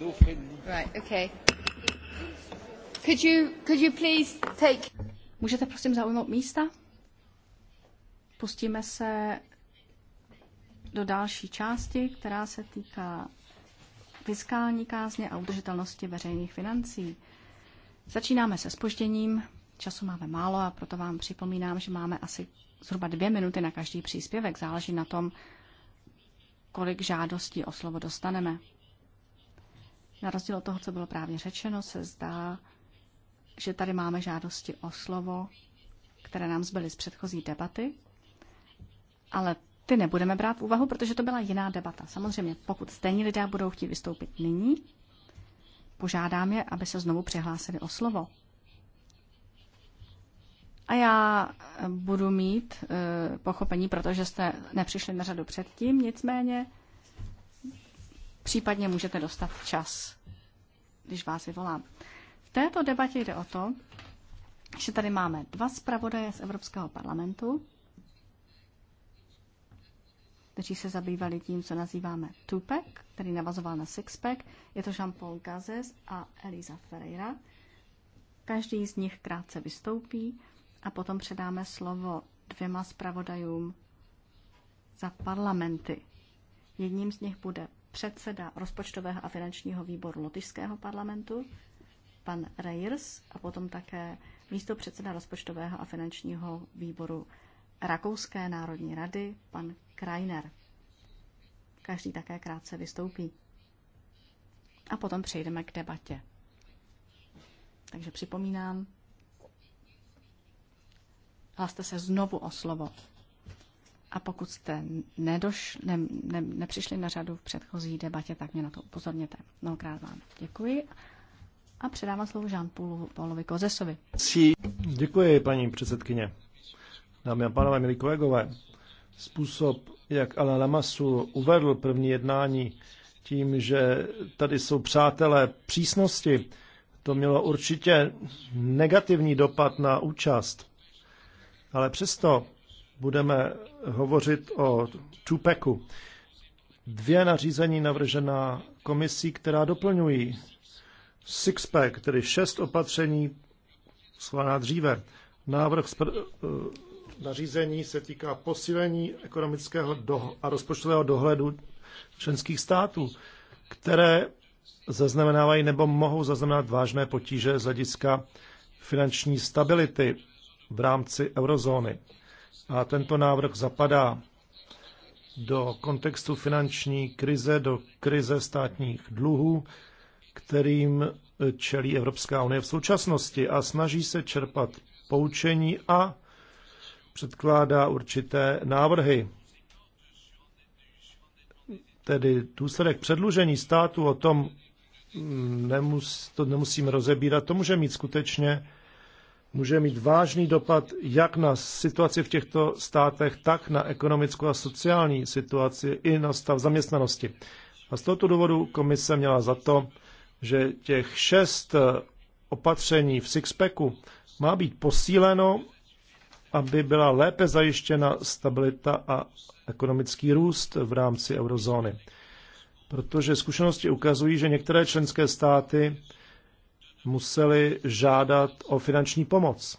Right, okay. Could you, could you please take... Můžete prosím zaujmout místa? Pustíme se do další části, která se týká fiskální kázně a udržitelnosti veřejných financí. Začínáme se spožděním, času máme málo a proto vám připomínám, že máme asi zhruba dvě minuty na každý příspěvek. Záleží na tom, kolik žádostí o slovo dostaneme. Na rozdíl od toho, co bylo právě řečeno, se zdá, že tady máme žádosti o slovo, které nám zbyly z předchozí debaty, ale ty nebudeme brát v úvahu, protože to byla jiná debata. Samozřejmě, pokud stejní lidé budou chtít vystoupit nyní, požádám je, aby se znovu přihlásili o slovo. A já budu mít e, pochopení, protože jste nepřišli na řadu předtím, nicméně Případně můžete dostat čas, když vás vyvolám. V této debatě jde o to, že tady máme dva zpravodaje z Evropského parlamentu, kteří se zabývali tím, co nazýváme Tupac, který navazoval na Sixpack. Je to Jean-Paul Gazes a Elisa Ferreira. Každý z nich krátce vystoupí a potom předáme slovo dvěma zpravodajům za parlamenty. Jedním z nich bude předseda rozpočtového a finančního výboru Lotyšského parlamentu, pan Reyers, a potom také místo předseda rozpočtového a finančního výboru Rakouské národní rady, pan Krajner. Každý také krátce vystoupí. A potom přejdeme k debatě. Takže připomínám, hlaste se znovu o slovo. A pokud jste nedoš, ne, ne, nepřišli na řadu v předchozí debatě, tak mě na to upozorněte. Mnohokrát vám děkuji. A předávám slovo Jean-Paulovi Kozesovi. Děkuji, paní předsedkyně. Dámy a pánové, milí kolegové, způsob, jak Alain Lamassu uvedl první jednání tím, že tady jsou přátelé přísnosti, to mělo určitě negativní dopad na účast. Ale přesto budeme hovořit o Tupeku. Dvě nařízení navržená komisí, která doplňují Sixpack, tedy šest opatření schválená dříve. Návrh eh, nařízení se týká posílení ekonomického a rozpočtového dohledu členských států, které zaznamenávají nebo mohou zaznamenat vážné potíže z hlediska finanční stability v rámci eurozóny. A tento návrh zapadá do kontextu finanční krize, do krize státních dluhů, kterým čelí Evropská unie v současnosti a snaží se čerpat poučení a předkládá určité návrhy. Tedy důsledek předlužení státu o tom mm, nemus, to nemusíme rozebírat, to může mít skutečně může mít vážný dopad jak na situaci v těchto státech, tak na ekonomickou a sociální situaci i na stav zaměstnanosti. A z tohoto důvodu komise měla za to, že těch šest eh, opatření v Sixpacku má být posíleno, aby byla lépe zajištěna stabilita a ekonomický růst v rámci eurozóny. Protože zkušenosti ukazují, že některé členské státy museli žádat o finanční pomoc.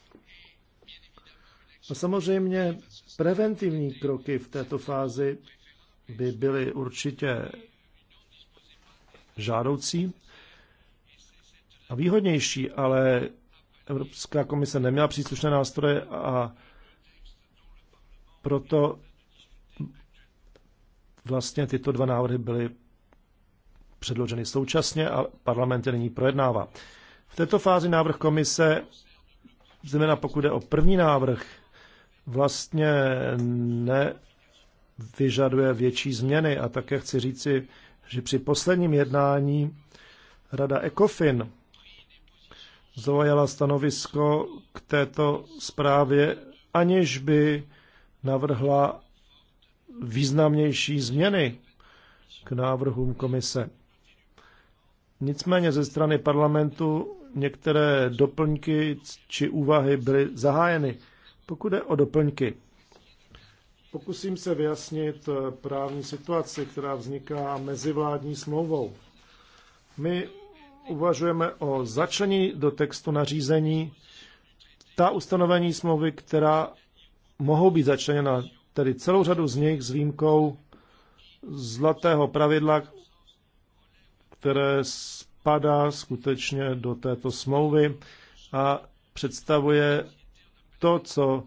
A samozřejmě preventivní kroky v této fázi by byly určitě žádoucí a výhodnější, ale Evropská komise neměla příslušné nástroje a proto vlastně tyto dva návrhy byly předloženy současně a parlament je nyní projednává. V této fázi návrh komise, zejména pokud je o první návrh, vlastně nevyžaduje větší změny. A také chci říci, že při posledním jednání Rada ECOFIN zvojala stanovisko k této zprávě, aniž by navrhla významnější změny k návrhům komise. Nicméně ze strany parlamentu některé doplňky či úvahy byly zahájeny. Pokud je o doplňky, pokusím se vyjasnit eh, právní situaci, která vzniká mezivládní smlouvou. My uvažujeme o začlení do textu nařízení ta ustanovení smlouvy, která mohou být začleněna, tedy celou řadu z nich s výjimkou zlatého pravidla, které spadá skutečně do této smlouvy a představuje to, co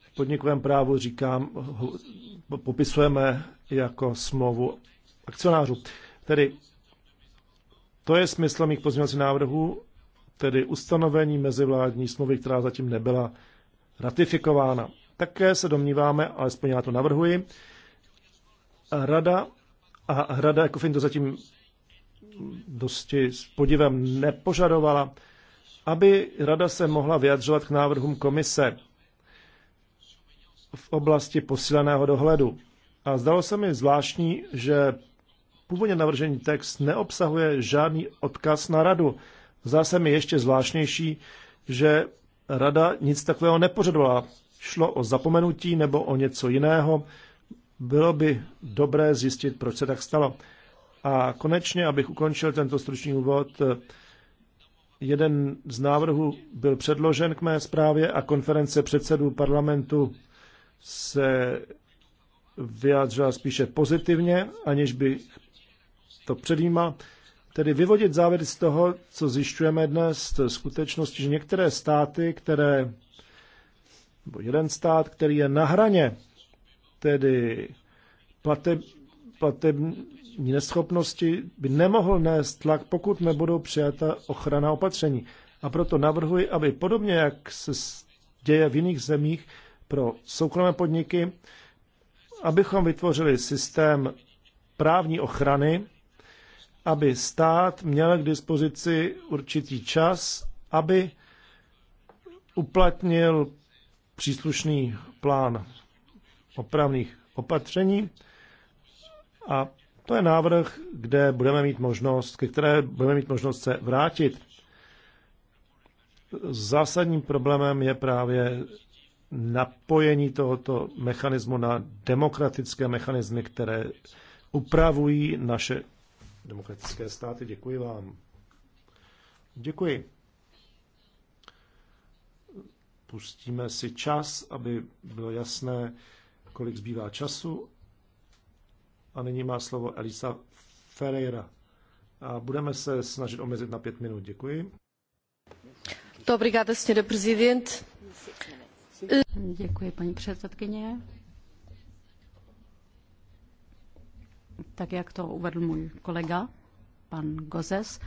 v podnikovém právu říkám, popisujeme jako smlouvu akcionářů. Tedy to je smysl mých pozměňovacích návrhů, tedy ustanovení mezivládní smlouvy, která zatím nebyla ratifikována. Také se domníváme, alespoň já to navrhuji, Rada a Rada jako to zatím dosti s podivem nepožadovala, aby rada se mohla vyjadřovat k návrhům komise v oblasti posíleného dohledu. A zdalo se mi zvláštní, že původně navržený text neobsahuje žádný odkaz na radu. Zdá se mi ještě zvláštnější, že rada nic takového nepožadovala. Šlo o zapomenutí nebo o něco jiného. Bylo by dobré zjistit, proč se tak stalo. A konečně, abych ukončil tento stručný úvod, jeden z návrhů byl předložen k mé zprávě a konference předsedů parlamentu se vyjádřila spíše pozitivně, aniž by to předjímal. Tedy vyvodit závěr z toho, co zjišťujeme dnes, je skutečnosti, že některé státy, které, nebo jeden stát, který je na hraně, tedy plateb, platební neschopnosti by nemohl nést tlak, pokud nebudou přijata ochrana opatření. A proto navrhuji, aby podobně, jak se děje v jiných zemích pro soukromé podniky, abychom vytvořili systém právní ochrany, aby stát měl k dispozici určitý čas, aby uplatnil příslušný plán opravných opatření a to je návrh, kde budeme mít možnost, ke které budeme mít možnost se vrátit. Zásadním problémem je právě napojení tohoto mechanismu na demokratické mechanismy, které upravují naše demokratické státy. Děkuji vám. Děkuji. Pustíme si čas, aby bylo jasné, kolik zbývá času a nyní má slovo Elisa Ferreira. A budeme se snažit omezit na pět minut. Děkuji. Děkuji, paní předsedkyně. Tak jak to uvedl můj kolega, pan Gozes,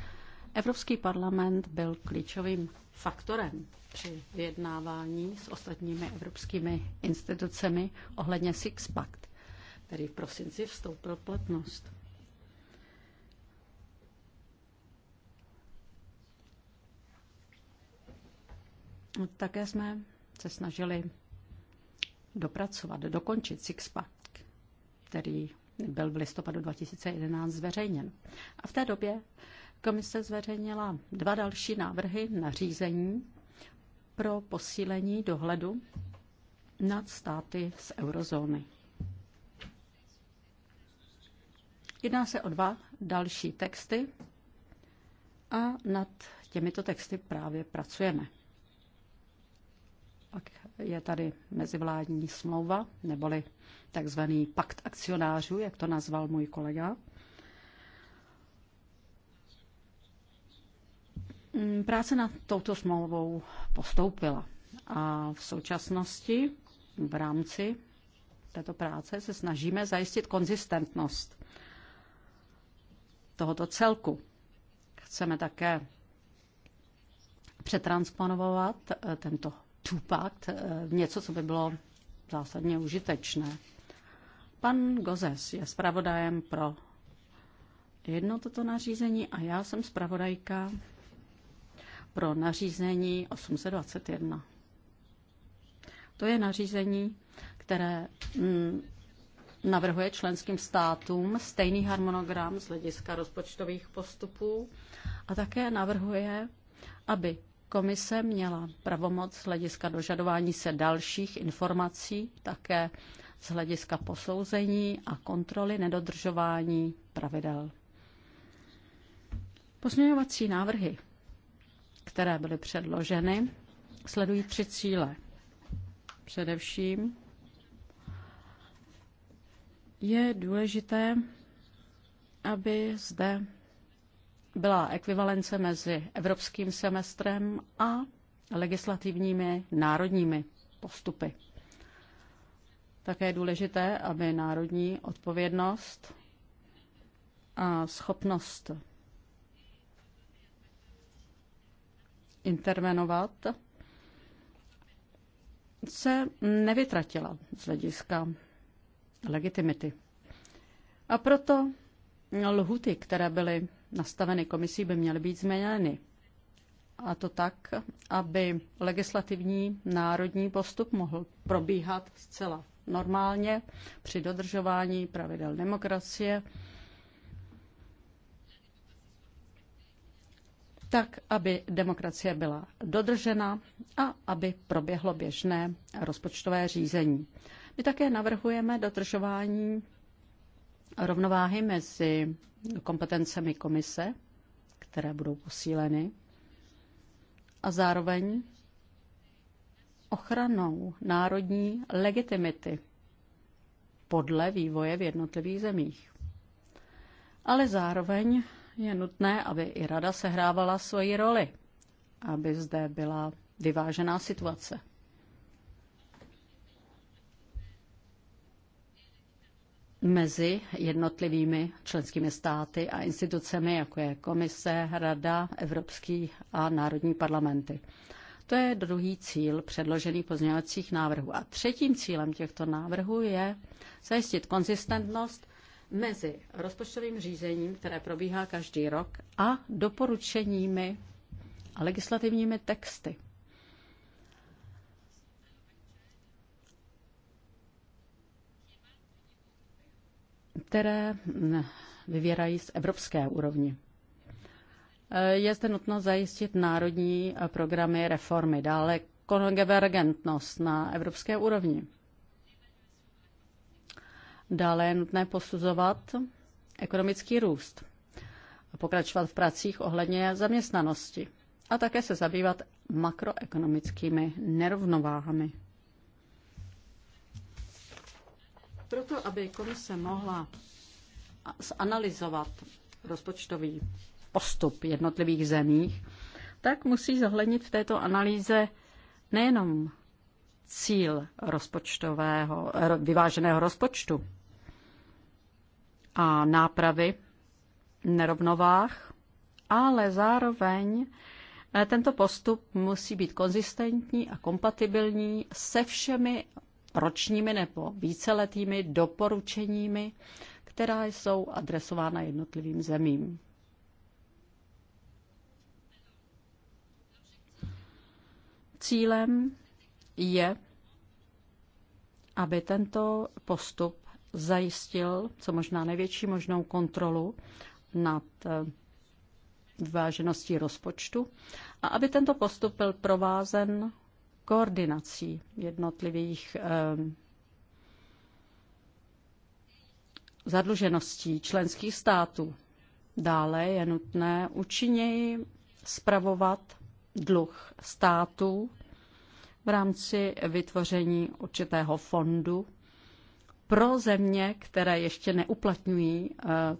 Evropský parlament byl klíčovým faktorem při vyjednávání s ostatními evropskými institucemi ohledně Six Pact který v prosinci vstoupil v platnost. Také jsme se snažili dopracovat, dokončit Sixpack, který byl v listopadu 2011 zveřejněn. A v té době komise zveřejnila dva další návrhy na řízení pro posílení dohledu nad státy z eurozóny. Jedná se o dva další texty a nad těmito texty právě pracujeme. Pak je tady mezivládní smlouva, neboli takzvaný pakt akcionářů, jak to nazval můj kolega. Mm, práce nad touto smlouvou postoupila a v současnosti v rámci této práce se snažíme zajistit konzistentnost tohoto celku. Chceme také přetransponovat eh, tento Tupac eh, v něco, co by bylo zásadně užitečné. Pan Gozes je zpravodajem pro jedno toto nařízení a já jsem zpravodajka pro nařízení 821. To je nařízení, které mm, navrhuje členským státům stejný harmonogram z hlediska rozpočtových postupů a také navrhuje, aby komise měla pravomoc z hlediska dožadování se dalších informací, také z hlediska posouzení a kontroly nedodržování pravidel. Posměňovací návrhy, které byly předloženy, sledují tři cíle. Především je důležité, aby zde byla ekvivalence mezi evropským semestrem a legislativními národními postupy. Také je důležité, aby národní odpovědnost a schopnost intervenovat se nevytratila z hlediska legitimity. A proto lhuty, které byly nastaveny komisí, by měly být změněny. A to tak, aby legislativní národní postup mohl probíhat zcela normálně při dodržování pravidel demokracie, tak, aby demokracie byla dodržena a aby proběhlo běžné rozpočtové řízení. My také navrhujeme dotržování rovnováhy mezi kompetencemi komise, které budou posíleny, a zároveň ochranou národní legitimity podle vývoje v jednotlivých zemích. Ale zároveň je nutné, aby i rada sehrávala svoji roli, aby zde byla vyvážená situace. mezi jednotlivými členskými státy a institucemi, jako je Komise, Rada, Evropský a Národní parlamenty. To je druhý cíl předložených pozměňovacích návrhů. A třetím cílem těchto návrhů je zajistit konzistentnost mezi rozpočtovým řízením, které probíhá každý rok, a doporučeními a legislativními texty. které hm, vyvěrají z evropské úrovni. Eh, je zde nutno zajistit národní eh, programy reformy, dále konvergentnost na evropské úrovni. Dále je nutné posuzovat ekonomický růst a pokračovat v pracích ohledně zaměstnanosti a také se zabývat makroekonomickými nerovnováhami. Proto, aby komise mohla zanalizovat rozpočtový postup jednotlivých zemích, tak musí zohlednit v této analýze nejenom cíl rozpočtového, vyváženého rozpočtu a nápravy nerovnovách, ale zároveň eh, tento postup musí být konzistentní a kompatibilní se všemi ročními nebo víceletými doporučeními, která jsou adresována jednotlivým zemím. Cílem je, aby tento postup zajistil co možná největší možnou kontrolu nad eh, vyvážeností rozpočtu a aby tento postup byl provázen koordinací jednotlivých ehm, zadlužeností členských států. Dále je nutné účinněji spravovat dluh států v rámci vytvoření určitého fondu pro země, které ještě neuplatňují eh,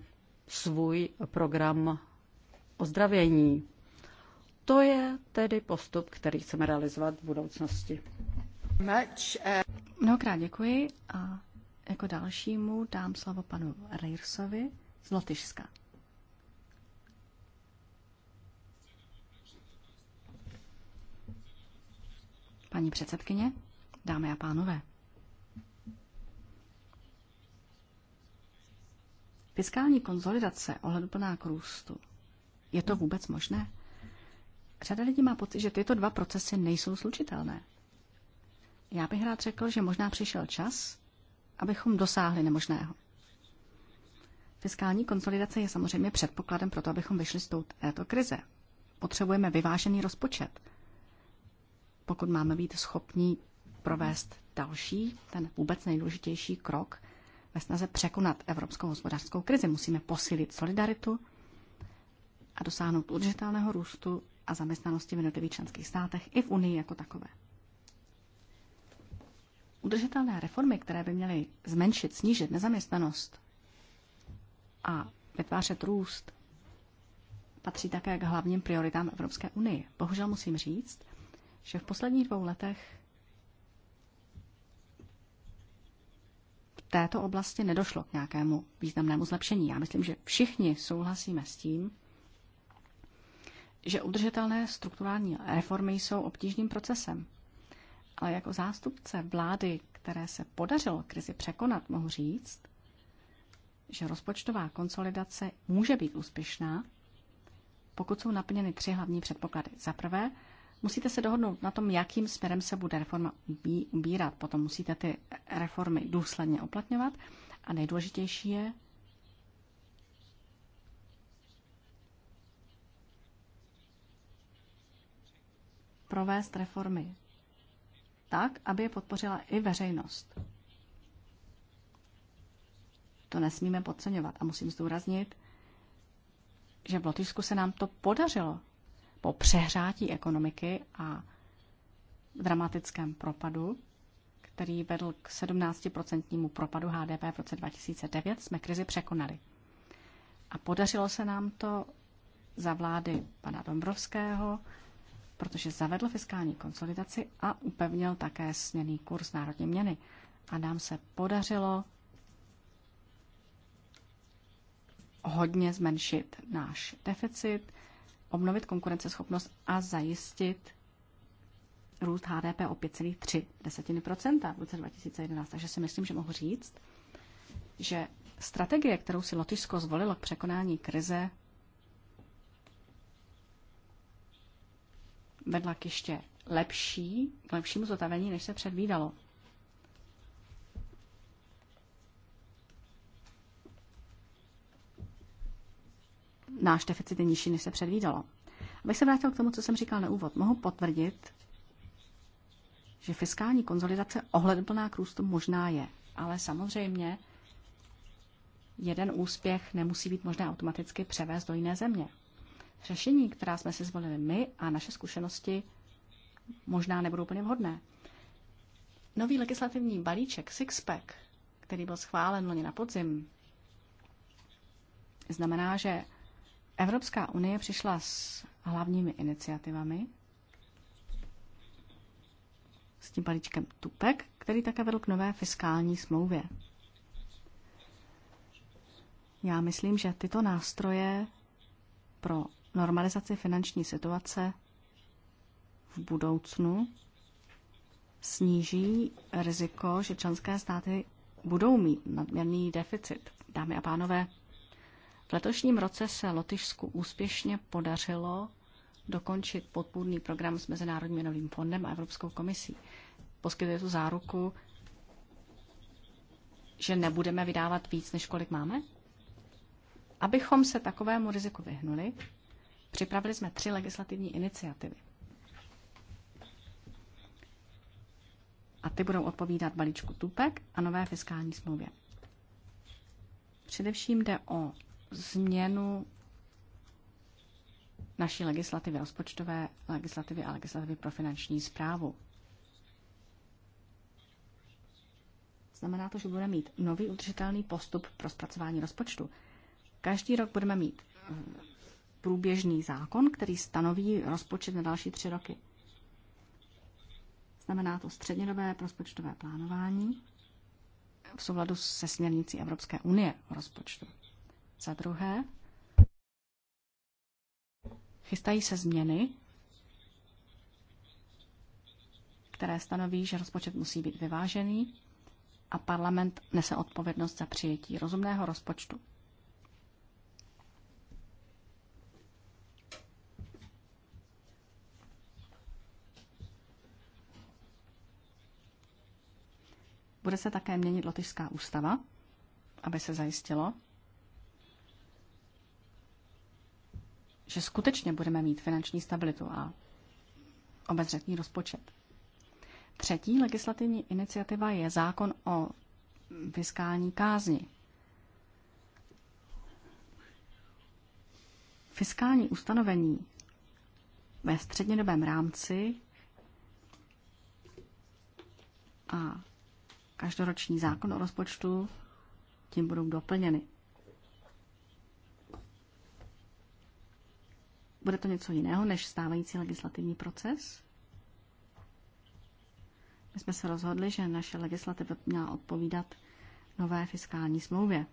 svůj program ozdravění. To je tedy postup, který chceme realizovat v budoucnosti. Eh, Mnohokrát děkuji a jako dalšímu dám slovo panu Reirsovi z Lotyšska. Paní předsedkyně, dámy a pánové. Fiskální konzolidace ohleduplná k růstu. Je to vůbec možné? Řada lidí má pocit, že tyto dva procesy nejsou slučitelné. Já bych rád řekl, že možná přišel čas, abychom dosáhli nemožného. Fiskální konsolidace je samozřejmě předpokladem pro to, abychom vyšli z této krize. Potřebujeme vyvážený rozpočet. Pokud máme být schopní provést další, ten vůbec nejdůležitější krok ve snaze překonat evropskou hospodářskou krizi, musíme posílit solidaritu a dosáhnout udržitelného růstu a zaměstnanosti v jednotlivých členských státech i v Unii jako takové. Udržitelné reformy, které by měly zmenšit, snížit nezaměstnanost a vytvářet růst, patří také k hlavním prioritám Evropské unie. Bohužel musím říct, že v posledních dvou letech v této oblasti nedošlo k nějakému významnému zlepšení. Já myslím, že všichni souhlasíme s tím, že udržitelné strukturální reformy jsou obtížným procesem. Ale jako zástupce vlády, které se podařilo krizi překonat, mohu říct, že rozpočtová konsolidace může být úspěšná, pokud jsou naplněny tři hlavní předpoklady. Za prvé, musíte se dohodnout na tom, jakým směrem se bude reforma ubírat. Potom musíte ty reformy důsledně uplatňovat. A nejdůležitější je, provést reformy tak, aby je podpořila i veřejnost. To nesmíme podceňovat a musím zdůraznit, že v Lotyšsku se nám to podařilo po přehrátí ekonomiky a dramatickém propadu, který vedl k 17% propadu HDP v roce 2009, jsme krizi překonali. A podařilo se nám to za vlády pana Dombrovského protože zavedl fiskální konsolidaci a upevnil také směný kurz národní měny. A nám se podařilo hodně zmenšit náš deficit, obnovit konkurenceschopnost a zajistit růst HDP o 5,3 desetiny procenta v roce 2011. Takže si myslím, že mohu říct, že strategie, kterou si Lotyšsko zvolilo k překonání krize, vedla k ještě lepší, k lepšímu zotavení, než se předvídalo. Náš deficit je nižší, než se předvídalo. Abych se vrátil k tomu, co jsem říkal na úvod, mohu potvrdit, že fiskální konzolidace ohledplná k růstu možná je, ale samozřejmě jeden úspěch nemusí být možné automaticky převést do jiné země. Řešení, která jsme si zvolili my a naše zkušenosti, možná nebudou úplně vhodné. Nový legislativní balíček Sixpack, který byl schválen loni na podzim, znamená, že Evropská unie přišla s hlavními iniciativami, s tím balíčkem Tupek, který také vedl k nové fiskální smlouvě. Já myslím, že tyto nástroje pro normalizaci finanční situace v budoucnu sníží riziko, že členské státy budou mít nadměrný deficit. Dámy a pánové, v letošním roce se Lotyšsku úspěšně podařilo dokončit podpůrný program s Mezinárodním měnovým fondem a Evropskou komisí. Poskytuje tu záruku, že nebudeme vydávat víc, než kolik máme? Abychom se takovému riziku vyhnuli, Připravili jsme tři legislativní iniciativy. A ty budou odpovídat balíčku TUPEK a nové fiskální smlouvě. Především jde o změnu naší legislativy rozpočtové, legislativy a legislativy pro finanční zprávu. Znamená to, že budeme mít nový udržitelný postup pro zpracování rozpočtu. Každý rok budeme mít průběžný zákon, který stanoví rozpočet na další tři roky. Znamená to střednědobé rozpočtové plánování v souladu se směrnicí Evropské unie o rozpočtu. Za druhé, chystají se změny, které stanoví, že rozpočet musí být vyvážený a parlament nese odpovědnost za přijetí rozumného rozpočtu. Bude se také měnit lotyšská ústava, aby se zajistilo, že skutečně budeme mít finanční stabilitu a obezřetný rozpočet. Třetí legislativní iniciativa je zákon o fiskální kázni. Fiskální ustanovení ve střednědobém rámci a každoroční zákon o rozpočtu, tím budou doplněny. Bude to něco jiného než stávající legislativní proces? My jsme se rozhodli, že naše legislativa měla odpovídat nové fiskální smlouvě.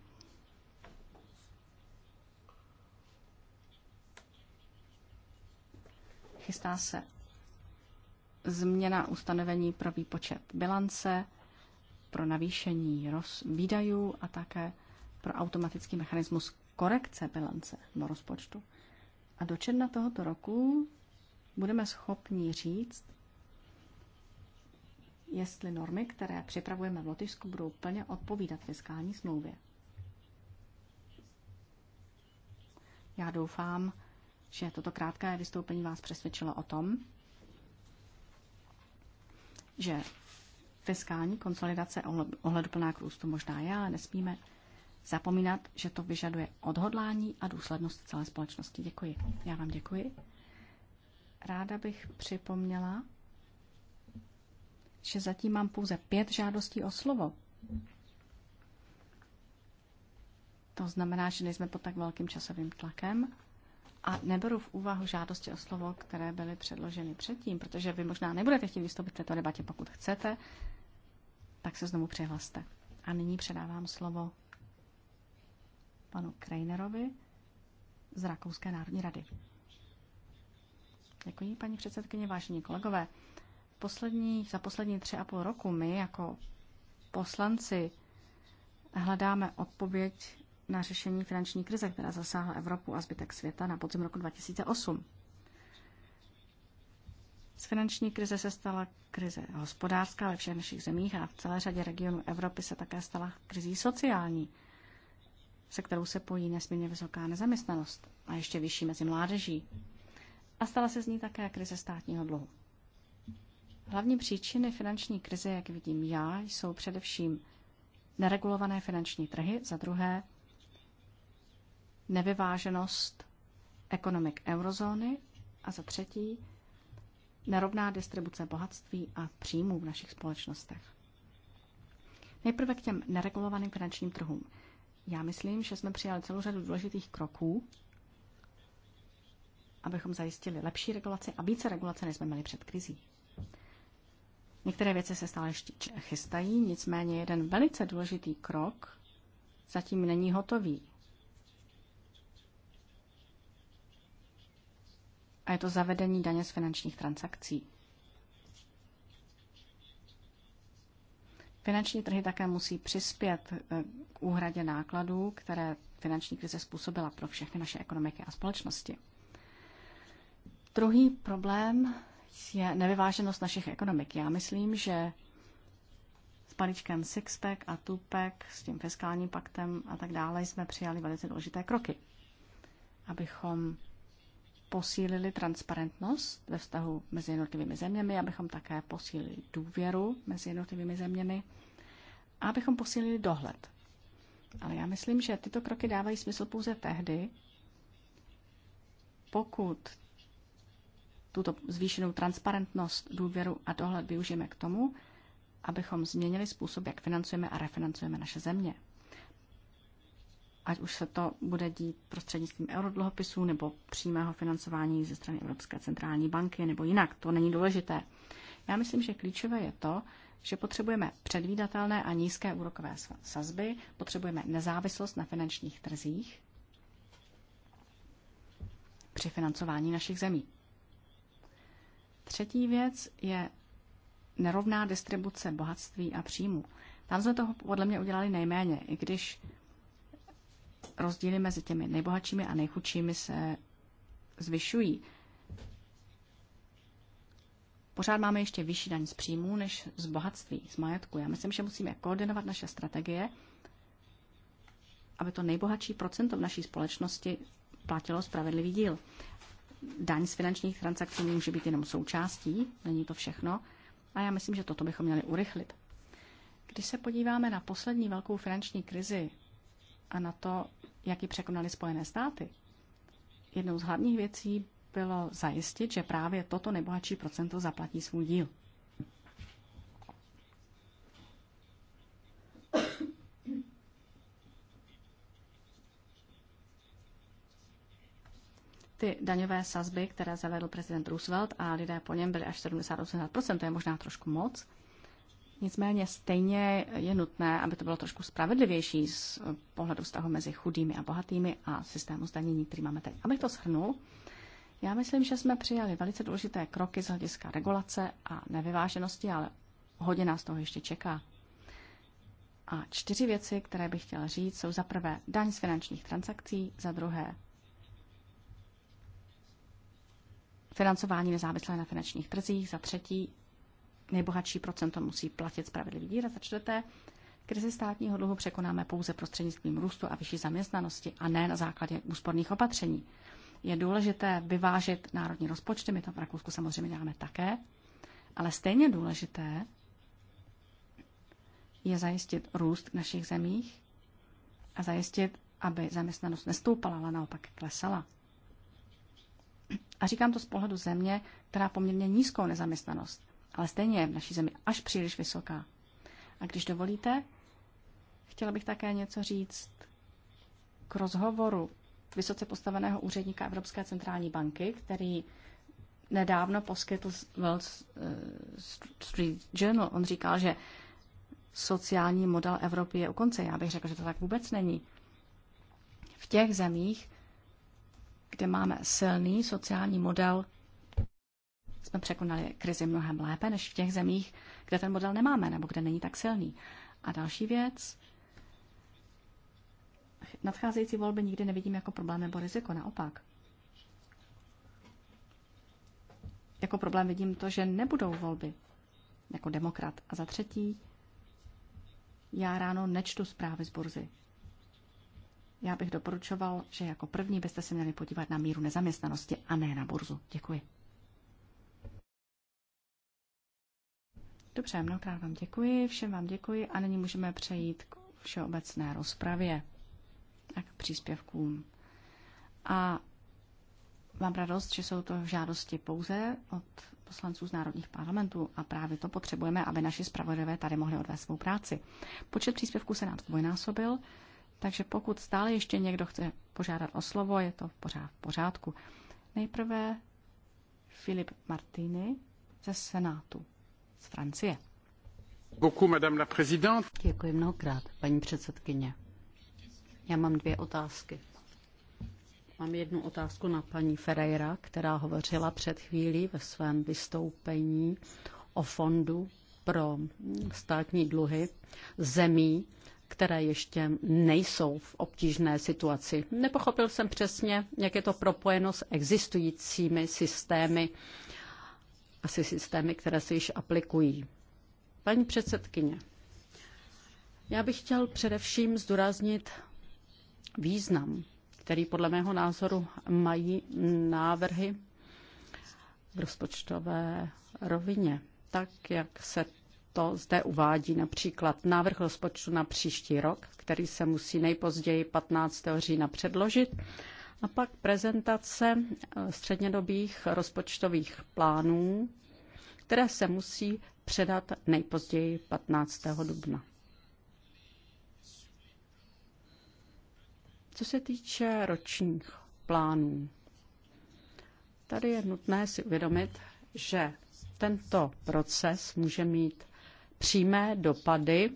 Chystá se změna ustanovení pro výpočet bilance, pro navýšení roz, výdajů a také pro automatický mechanismus korekce bilance nebo rozpočtu. A do června tohoto roku budeme schopni říct, jestli normy, které připravujeme v Lotyšsku, budou plně odpovídat fiskální smlouvě. Já doufám, že toto krátké vystoupení vás přesvědčilo o tom, že Fiskální konsolidace ohleduplná k růstu možná je, ale nesmíme zapomínat, že to vyžaduje odhodlání a důslednost celé společnosti. Děkuji. Já vám děkuji. Ráda bych připomněla, že zatím mám pouze pět žádostí o slovo. To znamená, že nejsme pod tak velkým časovým tlakem a neberu v úvahu žádosti o slovo, které byly předloženy předtím, protože vy možná nebudete chtít vystoupit v této debatě, pokud chcete, tak se znovu přihlaste. A nyní předávám slovo panu Krejnerovi z Rakouské národní rady. Děkuji, paní předsedkyně, vážení kolegové. Poslední, za poslední tři a půl roku my jako poslanci hledáme odpověď na řešení finanční krize, která zasáhla Evropu a zbytek světa na podzim roku 2008. Z finanční krize se stala krize hospodářská ve všech našich zemích a v celé řadě regionů Evropy se také stala krizí sociální, se kterou se pojí nesmírně vysoká nezaměstnanost a ještě vyšší mezi mládeží. A stala se z ní také krize státního dluhu. Hlavní příčiny finanční krize, jak vidím já, jsou především neregulované finanční trhy, za druhé nevyváženost ekonomik eurozóny a za třetí nerovná distribuce bohatství a příjmů v našich společnostech. Nejprve k těm neregulovaným finančním trhům. Já myslím, že jsme přijali celou řadu důležitých kroků, abychom zajistili lepší regulaci a více regulace, než jsme měli před krizí. Některé věci se stále ještě chystají, nicméně jeden velice důležitý krok zatím není hotový. a je to zavedení daně z finančních transakcí. Finanční trhy také musí přispět eh, k úhradě nákladů, které finanční krize způsobila pro všechny naše ekonomiky a společnosti. Druhý problém je nevyváženost našich ekonomik. Já myslím, že s paličkem Sixpack a Tupac, s tím fiskálním paktem a tak dále jsme přijali velice důležité kroky, abychom posílili transparentnost ve vztahu mezi jednotlivými zeměmi, abychom také posílili důvěru mezi jednotlivými zeměmi a abychom posílili dohled. Ale já myslím, že tyto kroky dávají smysl pouze tehdy, pokud tuto zvýšenou transparentnost, důvěru a dohled využijeme k tomu, abychom změnili způsob, jak financujeme a refinancujeme naše země ať už se to bude dít prostřednictvím eurodluhopisů nebo přímého financování ze strany Evropské centrální banky nebo jinak. To není důležité. Já myslím, že klíčové je to, že potřebujeme předvídatelné a nízké úrokové sazby, potřebujeme nezávislost na finančních trzích při financování našich zemí. Třetí věc je nerovná distribuce bohatství a příjmu. Tam jsme toho podle mě udělali nejméně, i když rozdíly mezi těmi nejbohatšími a nejchudšími se zvyšují. Pořád máme ještě vyšší daň z příjmů než z bohatství, z majetku. Já myslím, že musíme koordinovat naše strategie, aby to nejbohatší procento v naší společnosti platilo spravedlivý díl. Daň z finančních transakcí může být jenom součástí, není to všechno. A já myslím, že toto bychom měli urychlit. Když se podíváme na poslední velkou finanční krizi a na to, jak ji překonaly Spojené státy, jednou z hlavních věcí bylo zajistit, že právě toto nejbohatší procento zaplatí svůj díl. Ty daňové sazby, které zavedl prezident Roosevelt a lidé po něm byli až 78%, to je možná trošku moc, Nicméně stejně je nutné, aby to bylo trošku spravedlivější z pohledu vztahu mezi chudými a bohatými a systému zdanění, který máme teď. Abych to shrnul, já myslím, že jsme přijali velice důležité kroky z hlediska regulace a nevyváženosti, ale hodně nás toho ještě čeká. A čtyři věci, které bych chtěla říct, jsou za prvé daň z finančních transakcí, za druhé financování nezávislé na finančních trzích, za třetí nejbohatší procento musí platit spravedlivý díl. za čtvrté, krizi státního dluhu překonáme pouze prostřednictvím růstu a vyšší zaměstnanosti a ne na základě úsporných opatření. Je důležité vyvážit národní rozpočty, my to v Rakousku samozřejmě děláme také, ale stejně důležité je zajistit růst v našich zemích a zajistit, aby zaměstnanost nestoupala, ale naopak klesala. A říkám to z pohledu země, která poměrně nízkou nezaměstnanost ale stejně je v naší zemi až příliš vysoká. A když dovolíte, chtěla bych také něco říct k rozhovoru vysoce postaveného úředníka Evropské centrální banky, který nedávno poskytl Wall eh, Street Journal. On říkal, že sociální model Evropy je u konce. Já bych řekl, že to tak vůbec není. V těch zemích, kde máme silný sociální model, jsme překonali krizi mnohem lépe než v těch zemích, kde ten model nemáme nebo kde není tak silný. A další věc, nadcházející volby nikdy nevidím jako problém nebo riziko, naopak. Jako problém vidím to, že nebudou volby jako demokrat. A za třetí, já ráno nečtu zprávy z burzy. Já bych doporučoval, že jako první byste se měli podívat na míru nezaměstnanosti a ne na burzu. Děkuji. Dobře, mnohokrát vám děkuji, všem vám děkuji a nyní můžeme přejít k všeobecné rozpravě a k příspěvkům. A mám radost, že jsou to žádosti pouze od poslanců z národních parlamentů a právě to potřebujeme, aby naši zpravodajové tady mohli odvést svou práci. Počet příspěvků se nám dvojnásobil, takže pokud stále ještě někdo chce požádat o slovo, je to pořád v pořádku. Nejprve Filip Martini ze Senátu z Francie. Děkuji mnohokrát, paní předsedkyně. Já mám dvě otázky. Mám jednu otázku na paní Ferreira, která hovořila před chvílí ve svém vystoupení o fondu pro státní dluhy zemí, které ještě nejsou v obtížné situaci. Nepochopil jsem přesně, jak je to propojeno s existujícími systémy asi systémy, které se již aplikují. Paní předsedkyně, já bych chtěl především zdůraznit význam, který podle mého názoru mají návrhy v rozpočtové rovině, tak jak se to zde uvádí například návrh rozpočtu na příští rok, který se musí nejpozději 15. října předložit a pak prezentace eh, střednědobých rozpočtových plánů, které se musí předat nejpozději 15. dubna. Co se týče ročních plánů, tady je nutné si uvědomit, že tento proces může mít přímé dopady.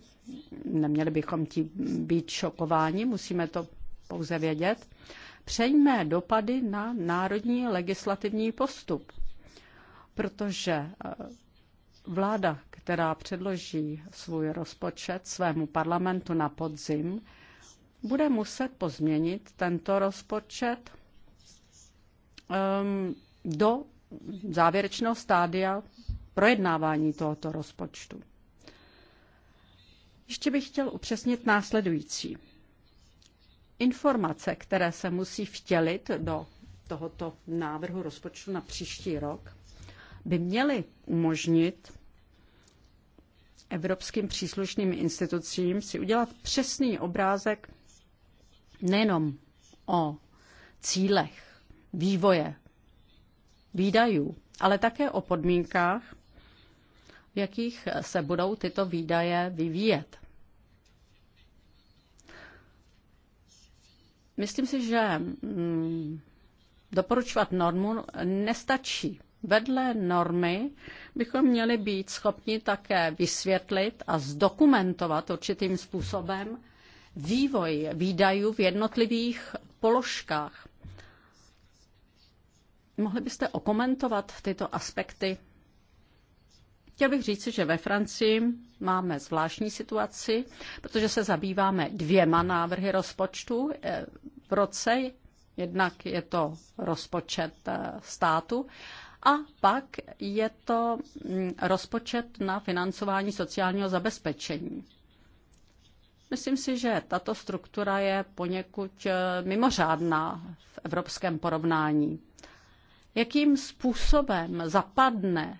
Neměli bychom tím být šokováni, musíme to pouze vědět přejmé dopady na národní legislativní postup. Protože eh, vláda, která předloží svůj rozpočet svému parlamentu na podzim, bude muset pozměnit tento rozpočet um, do závěrečného stádia projednávání tohoto rozpočtu. Ještě bych chtěl upřesnit následující informace, které se musí vtělit do tohoto návrhu rozpočtu na příští rok, by měly umožnit evropským příslušným institucím si udělat přesný obrázek nejenom o cílech vývoje výdajů, ale také o podmínkách, v jakých se budou tyto výdaje vyvíjet. Myslím si, že mm, doporučovat normu nestačí. Vedle normy bychom měli být schopni také vysvětlit a zdokumentovat určitým způsobem vývoj výdajů v jednotlivých položkách. Mohli byste okomentovat tyto aspekty? Chtěl bych říct, že ve Francii máme zvláštní situaci, protože se zabýváme dvěma návrhy rozpočtu eh, v roce. Jednak je to rozpočet eh, státu a pak je to mm, rozpočet na financování sociálního zabezpečení. Myslím si, že tato struktura je poněkud eh, mimořádná v evropském porovnání. Jakým způsobem zapadne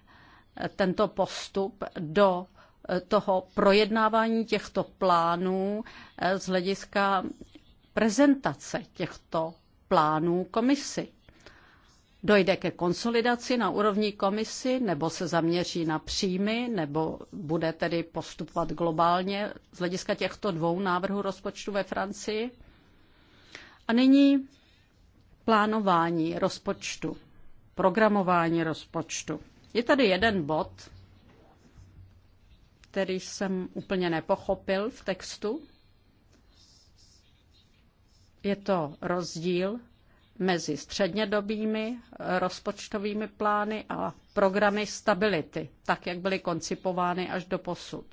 tento postup do toho projednávání těchto plánů eh, z hlediska prezentace těchto plánů komisi. Dojde ke konsolidaci na úrovni komisy, nebo se zaměří na příjmy, nebo bude tedy postupovat globálně z hlediska těchto dvou návrhů rozpočtu ve Francii? A nyní plánování rozpočtu, programování rozpočtu. Je tady jeden bod, který jsem úplně nepochopil v textu. Je to rozdíl mezi střednědobými rozpočtovými plány a programy stability, tak jak byly koncipovány až do posud.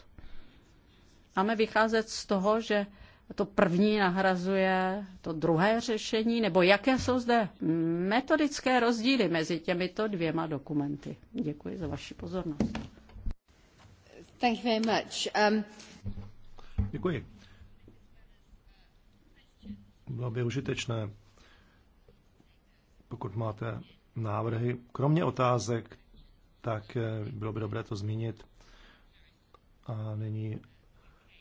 Máme vycházet z toho, že to první nahrazuje to druhé řešení, nebo jaké jsou zde metodické rozdíly mezi těmito dvěma dokumenty. Děkuji za vaši pozornost. Thank you very much. Um... Děkuji. Bylo by užitečné, pokud máte návrhy, kromě otázek, tak eh, bylo by dobré to zmínit. A nyní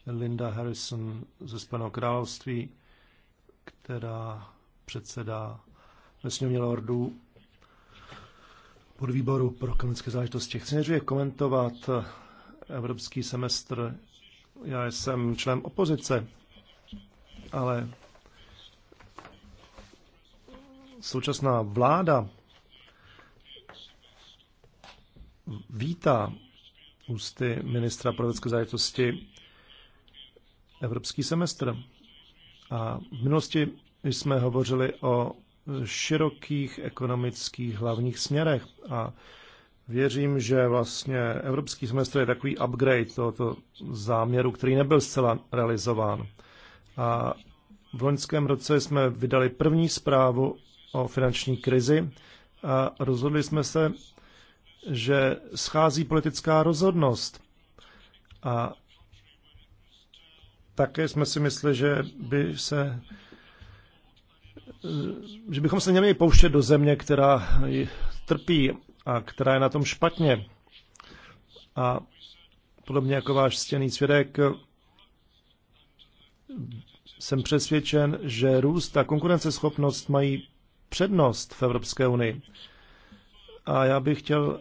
Linda Harrison ze Spojeného království, která předsedá ve sněmě lordů pod výboru pro ekonomické záležitosti. Chci nejdříve komentovat evropský semestr. Já jsem člen opozice, ale současná vláda vítá ústy ministra pro záležitosti evropský semestr. A v minulosti jsme hovořili o širokých ekonomických hlavních směrech a věřím, že vlastně evropský semestr je takový upgrade tohoto záměru, který nebyl zcela realizován. A v loňském roce jsme vydali první zprávu o finanční krizi a rozhodli jsme se, že schází politická rozhodnost. A také jsme si mysleli, že by se že bychom se neměli pouštět do země, která trpí a která je na tom špatně. A podobně jako váš stěný svědek, jsem přesvědčen, že růst a konkurenceschopnost mají přednost v Evropské unii. A já bych chtěl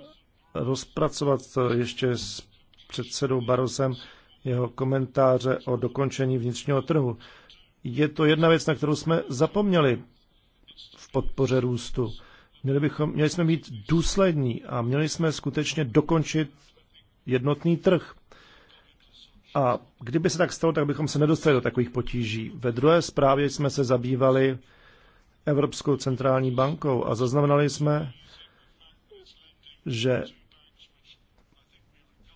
rozpracovat ještě s předsedou Barosem jeho komentáře o dokončení vnitřního trhu. Je to jedna věc, na kterou jsme zapomněli v podpoře růstu. Měli, bychom, měli jsme být důslední a měli jsme skutečně dokončit jednotný trh. A kdyby se tak stalo, tak bychom se nedostali do takových potíží. Ve druhé zprávě jsme se zabývali Evropskou centrální bankou a zaznamenali jsme, že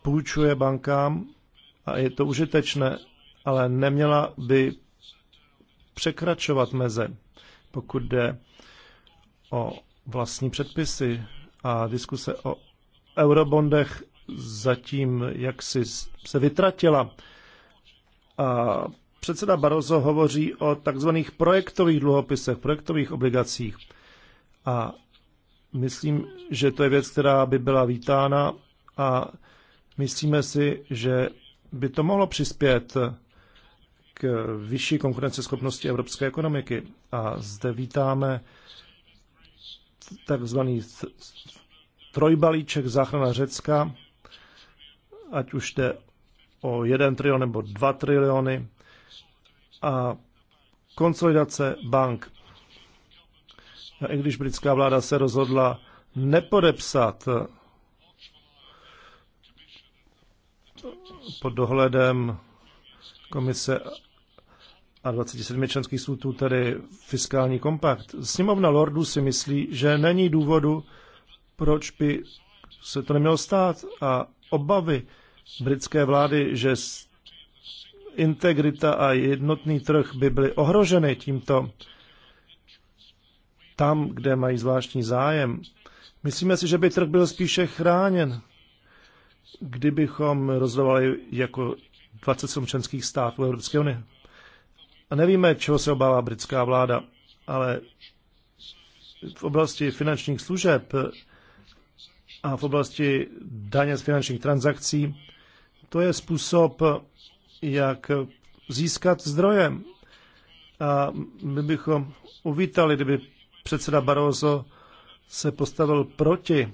půjčuje bankám, a je to užitečné, ale neměla by překračovat meze, pokud jde o vlastní předpisy a diskuse o eurobondech zatím jak si se vytratila. A předseda Barozo hovoří o takzvaných projektových dluhopisech, projektových obligacích. A myslím, že to je věc, která by byla vítána a myslíme si, že by to mohlo přispět k vyšší konkurenceschopnosti evropské ekonomiky. A zde vítáme takzvaný trojbalíček záchrana Řecka, ať už jde o 1 trilion nebo 2 triliony a konsolidace bank. A i když britská vláda se rozhodla nepodepsat pod dohledem komise a 27 členských států, tedy fiskální kompakt. Sněmovna lordů si myslí, že není důvodu, proč by se to nemělo stát a obavy britské vlády, že integrita a jednotný trh by byly ohroženy tímto tam, kde mají zvláštní zájem. Myslíme si, že by trh byl spíše chráněn kdybychom rozhodovali jako 27 členských států Evropské unie. A nevíme, čeho se obává britská vláda, ale v oblasti finančních služeb a v oblasti daně z finančních transakcí, to je způsob, jak získat zdroje. A my bychom uvítali, kdyby předseda Barroso se postavil proti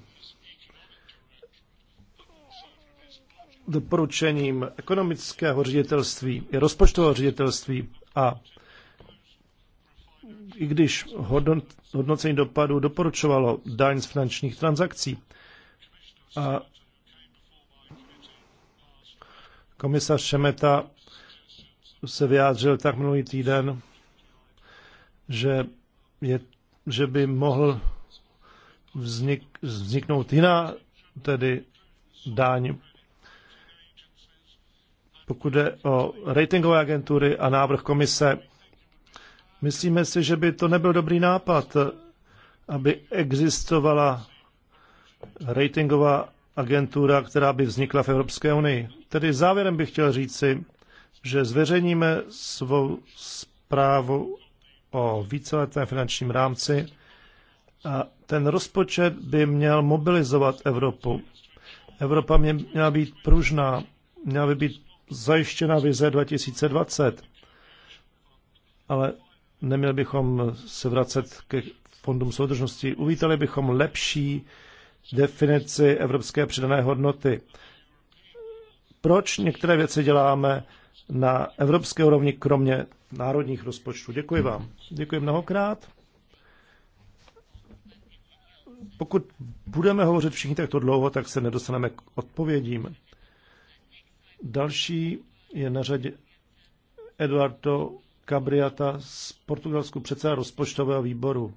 doporučením ekonomického ředitelství i rozpočtového ředitelství a i když hodnocení dopadu doporučovalo daň z finančních transakcí a komisař Šemeta se vyjádřil tak minulý týden, že, je, že by mohl vznik, vzniknout jiná, tedy dáň pokud jde o ratingové agentury a návrh komise, myslíme si, že by to nebyl dobrý nápad, aby existovala ratingová agentura, která by vznikla v Evropské unii. Tedy závěrem bych chtěl říci, že zveřejníme svou zprávu o víceletém finančním rámci a ten rozpočet by měl mobilizovat Evropu. Evropa měla být pružná, měla by být zajištěna vize 2020, ale neměli bychom se vracet ke fondům soudržnosti. Uvítali bychom lepší definici evropské přidané hodnoty. Proč některé věci děláme na evropské úrovni, kromě národních rozpočtů? Děkuji vám. Děkuji mnohokrát. Pokud budeme hovořit všichni takto dlouho, tak se nedostaneme k odpovědím. Další je na řadě Eduardo Cabriata z Portugalsku předseda rozpočtového výboru.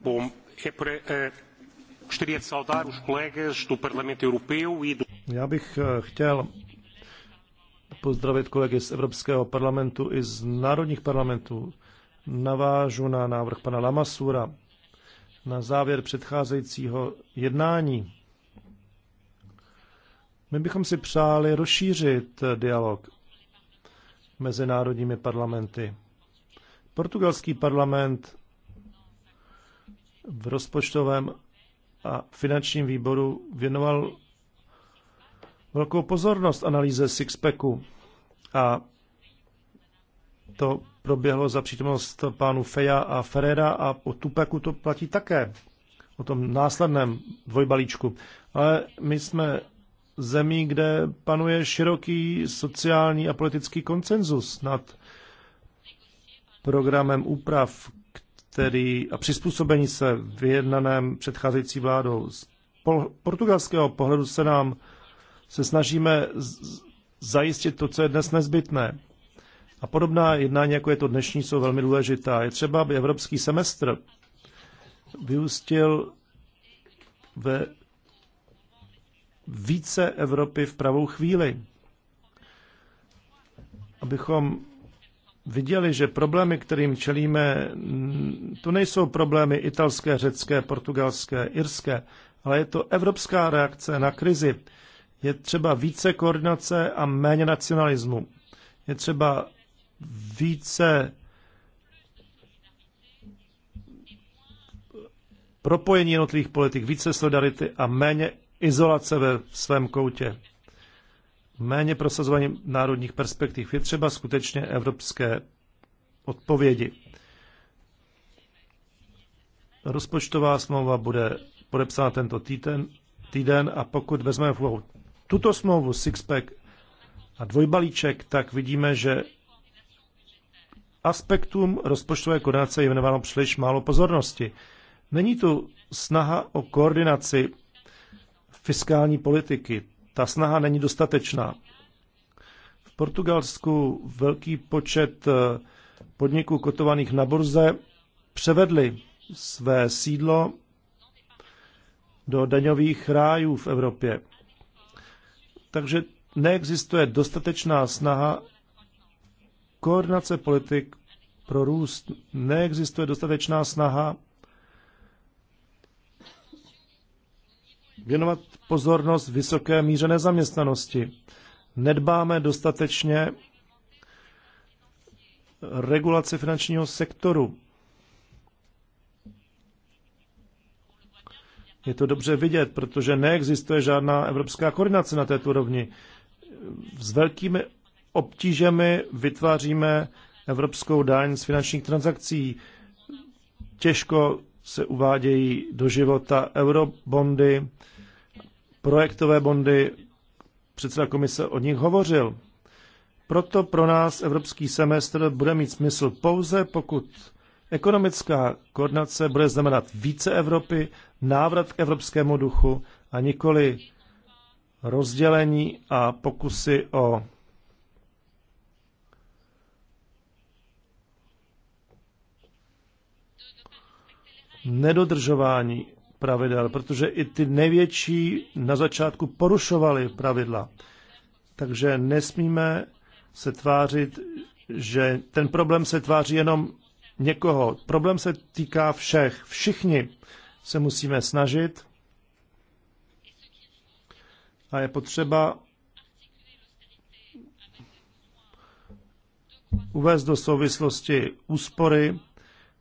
Bom, é por, é, saudar os colegas do Parlamento Europeu e do... Já bych eh, chtěl pozdravit kolegy z Evropského parlamentu i z národních parlamentů. Navážu na návrh pana Lamasura na závěr předcházejícího jednání my bychom si přáli rozšířit eh, dialog mezi národními parlamenty. Portugalský parlament v rozpočtovém a finančním výboru věnoval velkou pozornost analýze Sixpacku a to proběhlo za přítomnost pánů Feja a Ferreira a o Tupeku to platí také, o tom následném dvojbalíčku. Ale my jsme zemí, kde panuje široký sociální a politický konsenzus nad programem úprav který, a přizpůsobení se vyjednaném předcházející vládou. Z portugalského pohledu se nám se snažíme zajistit to, co je dnes nezbytné. A podobná jednání, jako je to dnešní, jsou velmi důležitá. Je třeba, aby evropský semestr vyústil ve více Evropy v pravou chvíli. Abychom viděli, že problémy, kterým čelíme, to nejsou problémy italské, řecké, portugalské, irské, ale je to evropská reakce na krizi. Je třeba více koordinace a méně nacionalismu. Je třeba více propojení jednotlivých politik, více solidarity a méně izolace ve svém koutě. Méně prosazování národních perspektiv je třeba skutečně evropské odpovědi. Rozpočtová smlouva bude podepsána tento týden, týden a pokud vezmeme v úvahu tuto smlouvu, Sixpack a dvojbalíček, tak vidíme, že aspektům rozpočtové koordinace je věnováno příliš málo pozornosti. Není tu snaha o koordinaci fiskální politiky. Ta snaha není dostatečná. V Portugalsku velký počet eh, podniků kotovaných na burze převedli své sídlo do daňových rájů v Evropě. Takže neexistuje dostatečná snaha koordinace politik pro růst. Neexistuje dostatečná snaha věnovat pozornost vysoké míře nezaměstnanosti. Nedbáme dostatečně regulace finančního sektoru. Je to dobře vidět, protože neexistuje žádná evropská koordinace na této rovni. S velkými obtížemi vytváříme evropskou daň z finančních transakcí. Těžko se uvádějí do života eurobondy, projektové bondy, předseda komise o nich hovořil. Proto pro nás evropský semestr bude mít smysl pouze, pokud ekonomická koordinace bude znamenat více Evropy, návrat k evropskému duchu a nikoli rozdělení a pokusy o nedodržování pravidel, protože i ty největší na začátku porušovali pravidla. Takže nesmíme se tvářit, že ten problém se tváří jenom někoho. Problém se týká všech. Všichni se musíme snažit a je potřeba uvést do souvislosti úspory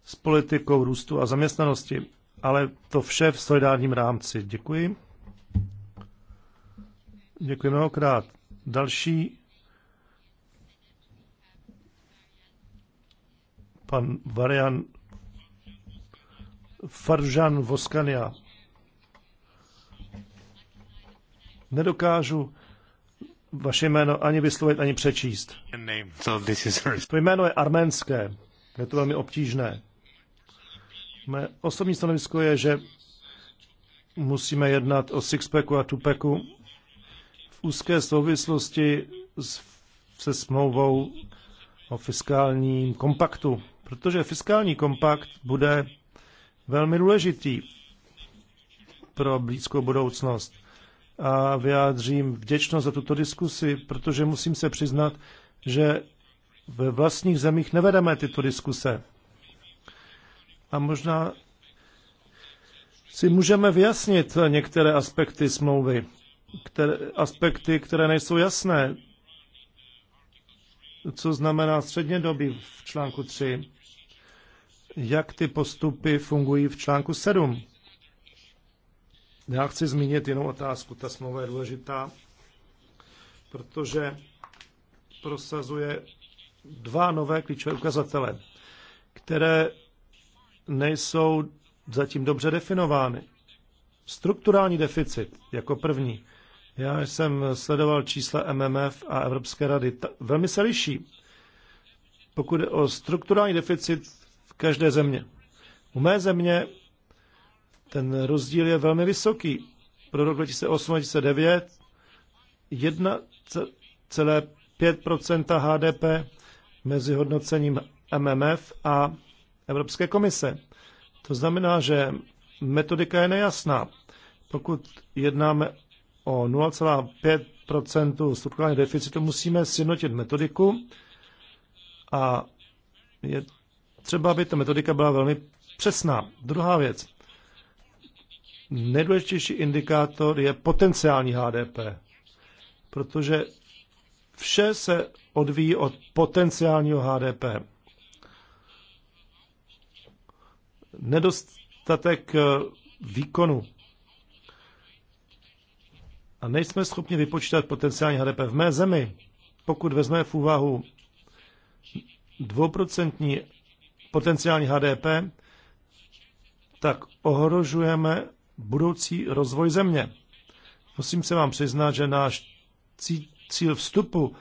s politikou růstu a zaměstnanosti ale to vše v solidárním rámci. Děkuji. Děkuji mnohokrát. Další pan Varian Faržan Voskania. Nedokážu vaše jméno ani vyslovit, ani přečíst. To jméno je arménské. Je to velmi obtížné. Mé osobní stanovisko je, že musíme jednat o sixpacku a tupeku v úzké souvislosti s, se smlouvou o fiskálním kompaktu, protože fiskální kompakt bude velmi důležitý pro blízkou budoucnost. A vyjádřím vděčnost za tuto diskusi, protože musím se přiznat, že ve vlastních zemích nevedeme tyto diskuse a možná si můžeme vyjasnit některé aspekty smlouvy, které, aspekty, které nejsou jasné, co znamená středně doby v článku 3, jak ty postupy fungují v článku 7. Já chci zmínit jinou otázku, ta smlouva je důležitá, protože prosazuje dva nové klíčové ukazatele, které nejsou zatím dobře definovány. Strukturální deficit jako první. Já jsem sledoval čísla MMF a Evropské rady. Ta, velmi se liší, pokud je o strukturální deficit v každé země. U mé země ten rozdíl je velmi vysoký. Pro rok 2008-2009 1,5 HDP mezi hodnocením MMF a Evropské komise. To znamená, že metodika je nejasná. Pokud jednáme o 0,5 strukturálního deficitu, musíme sjednotit metodiku a je třeba, aby ta metodika byla velmi přesná. Druhá věc. Nejdůležitější indikátor je potenciální HDP, protože vše se odvíjí od potenciálního HDP. nedostatek eh, výkonu. A nejsme schopni vypočítat potenciální HDP v mé zemi. Pokud vezme v úvahu dvouprocentní potenciální HDP, tak ohrožujeme budoucí rozvoj země. Musím se vám přiznat, že náš cíl vstupu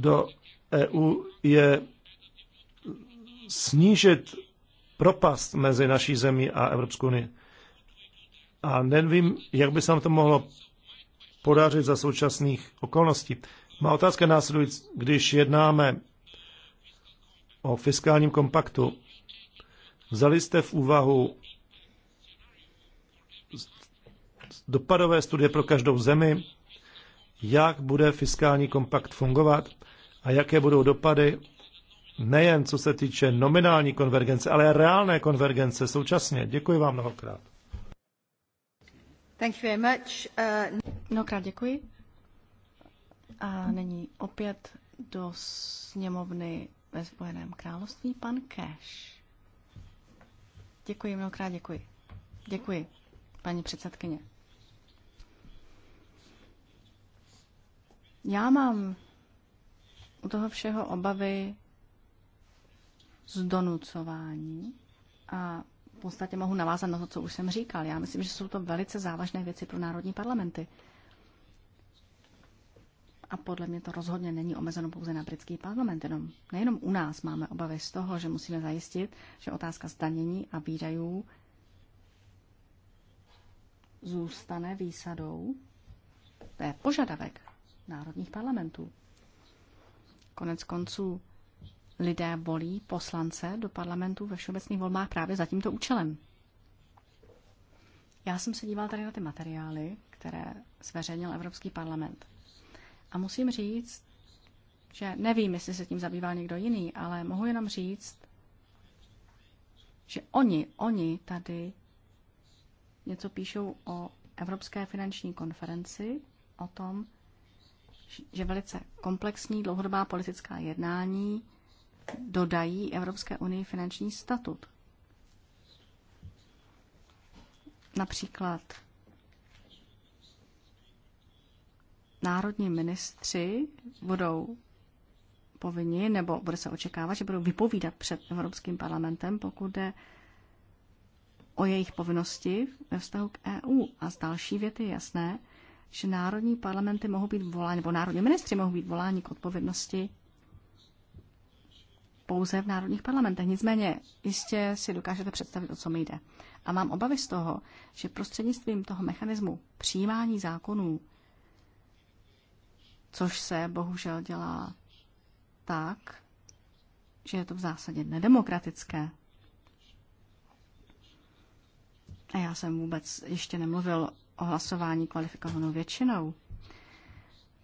do EU je snížit propast mezi naší zemí a Evropskou unii. A nevím, jak by se nám to mohlo podařit za současných okolností. Má otázka následující, když jednáme o fiskálním kompaktu, vzali jste v úvahu dopadové studie pro každou zemi, jak bude fiskální kompakt fungovat a jaké budou dopady nejen co se týče nominální konvergence, ale reálné konvergence současně. Děkuji vám mnohokrát. Thank you very much. Uh... Mnohokrát děkuji. A není opět do sněmovny ve Spojeném království pan Cash. Děkuji mnohokrát, děkuji. Děkuji, paní předsedkyně. Já mám u toho všeho obavy, z donucování a v podstatě mohu navázat na to, co už jsem říkal. Já myslím, že jsou to velice závažné věci pro národní parlamenty. A podle mě to rozhodně není omezeno pouze na britský parlament. Jenom, nejenom u nás máme obavy z toho, že musíme zajistit, že otázka zdanění a výdajů zůstane výsadou. To je požadavek národních parlamentů. Konec konců lidé volí poslance do parlamentu ve všeobecných volbách právě za tímto účelem. Já jsem se díval tady na ty materiály, které zveřejnil Evropský parlament. A musím říct, že nevím, jestli se tím zabývá někdo jiný, ale mohu jenom říct, že oni, oni tady něco píšou o Evropské finanční konferenci, o tom, že velice komplexní dlouhodobá politická jednání dodají Evropské unii finanční statut. Například národní ministři budou povinni, nebo bude se očekávat, že budou vypovídat před Evropským parlamentem, pokud jde o jejich povinnosti ve vztahu k EU. A z další věty je jasné, že národní parlamenty mohou být voláni, nebo národní ministři mohou být voláni k odpovědnosti pouze v národních parlamentech. Nicméně jistě si dokážete představit, o co mi jde. A mám obavy z toho, že prostřednictvím toho mechanismu přijímání zákonů, což se bohužel dělá tak, že je to v zásadě nedemokratické. A já jsem vůbec ještě nemluvil o hlasování kvalifikovanou většinou.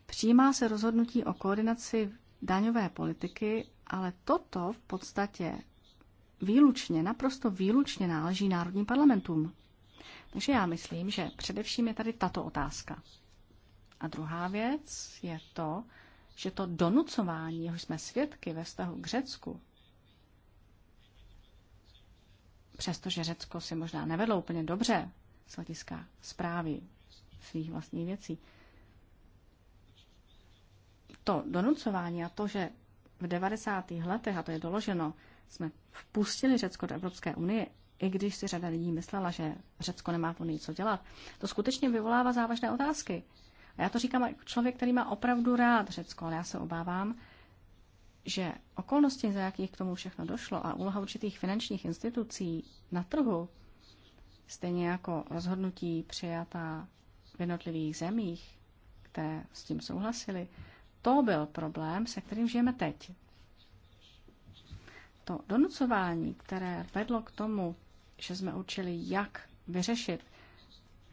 Přijímá se rozhodnutí o koordinaci daňové politiky ale toto v podstatě výlučně, naprosto výlučně náleží národním parlamentům. Takže já myslím, že především je tady tato otázka. A druhá věc je to, že to donucování, jehož jsme svědky ve vztahu k Řecku, přestože Řecko si možná nevedlo úplně dobře z hlediska zprávy svých vlastních věcí, to donucování a to, že v 90. letech, a to je doloženo, jsme vpustili Řecko do Evropské unie, i když si řada lidí myslela, že Řecko nemá v Unii co dělat. To skutečně vyvolává závažné otázky. A já to říkám jako člověk, který má opravdu rád Řecko, ale já se obávám, že okolnosti, za jakých k tomu všechno došlo a úloha určitých finančních institucí na trhu, stejně jako rozhodnutí přijatá v jednotlivých zemích, které s tím souhlasili to byl problém, se kterým žijeme teď. To donucování, které vedlo k tomu, že jsme učili, jak vyřešit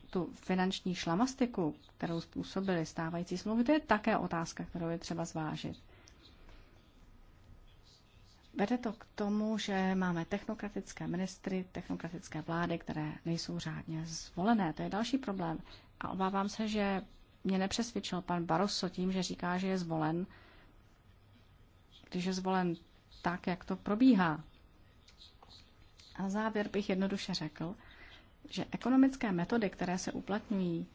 tu finanční šlamastiku, kterou způsobili stávající smlouvy, to je také otázka, kterou je třeba zvážit. Vede to k tomu, že máme technokratické ministry, technokratické vlády, které nejsou řádně zvolené. To je další problém. A obávám se, že mě nepřesvědčil pan Barroso tím, že říká, že je zvolen, když je zvolen tak, jak to probíhá. A na závěr bych jednoduše řekl, že ekonomické metody, které se uplatňují,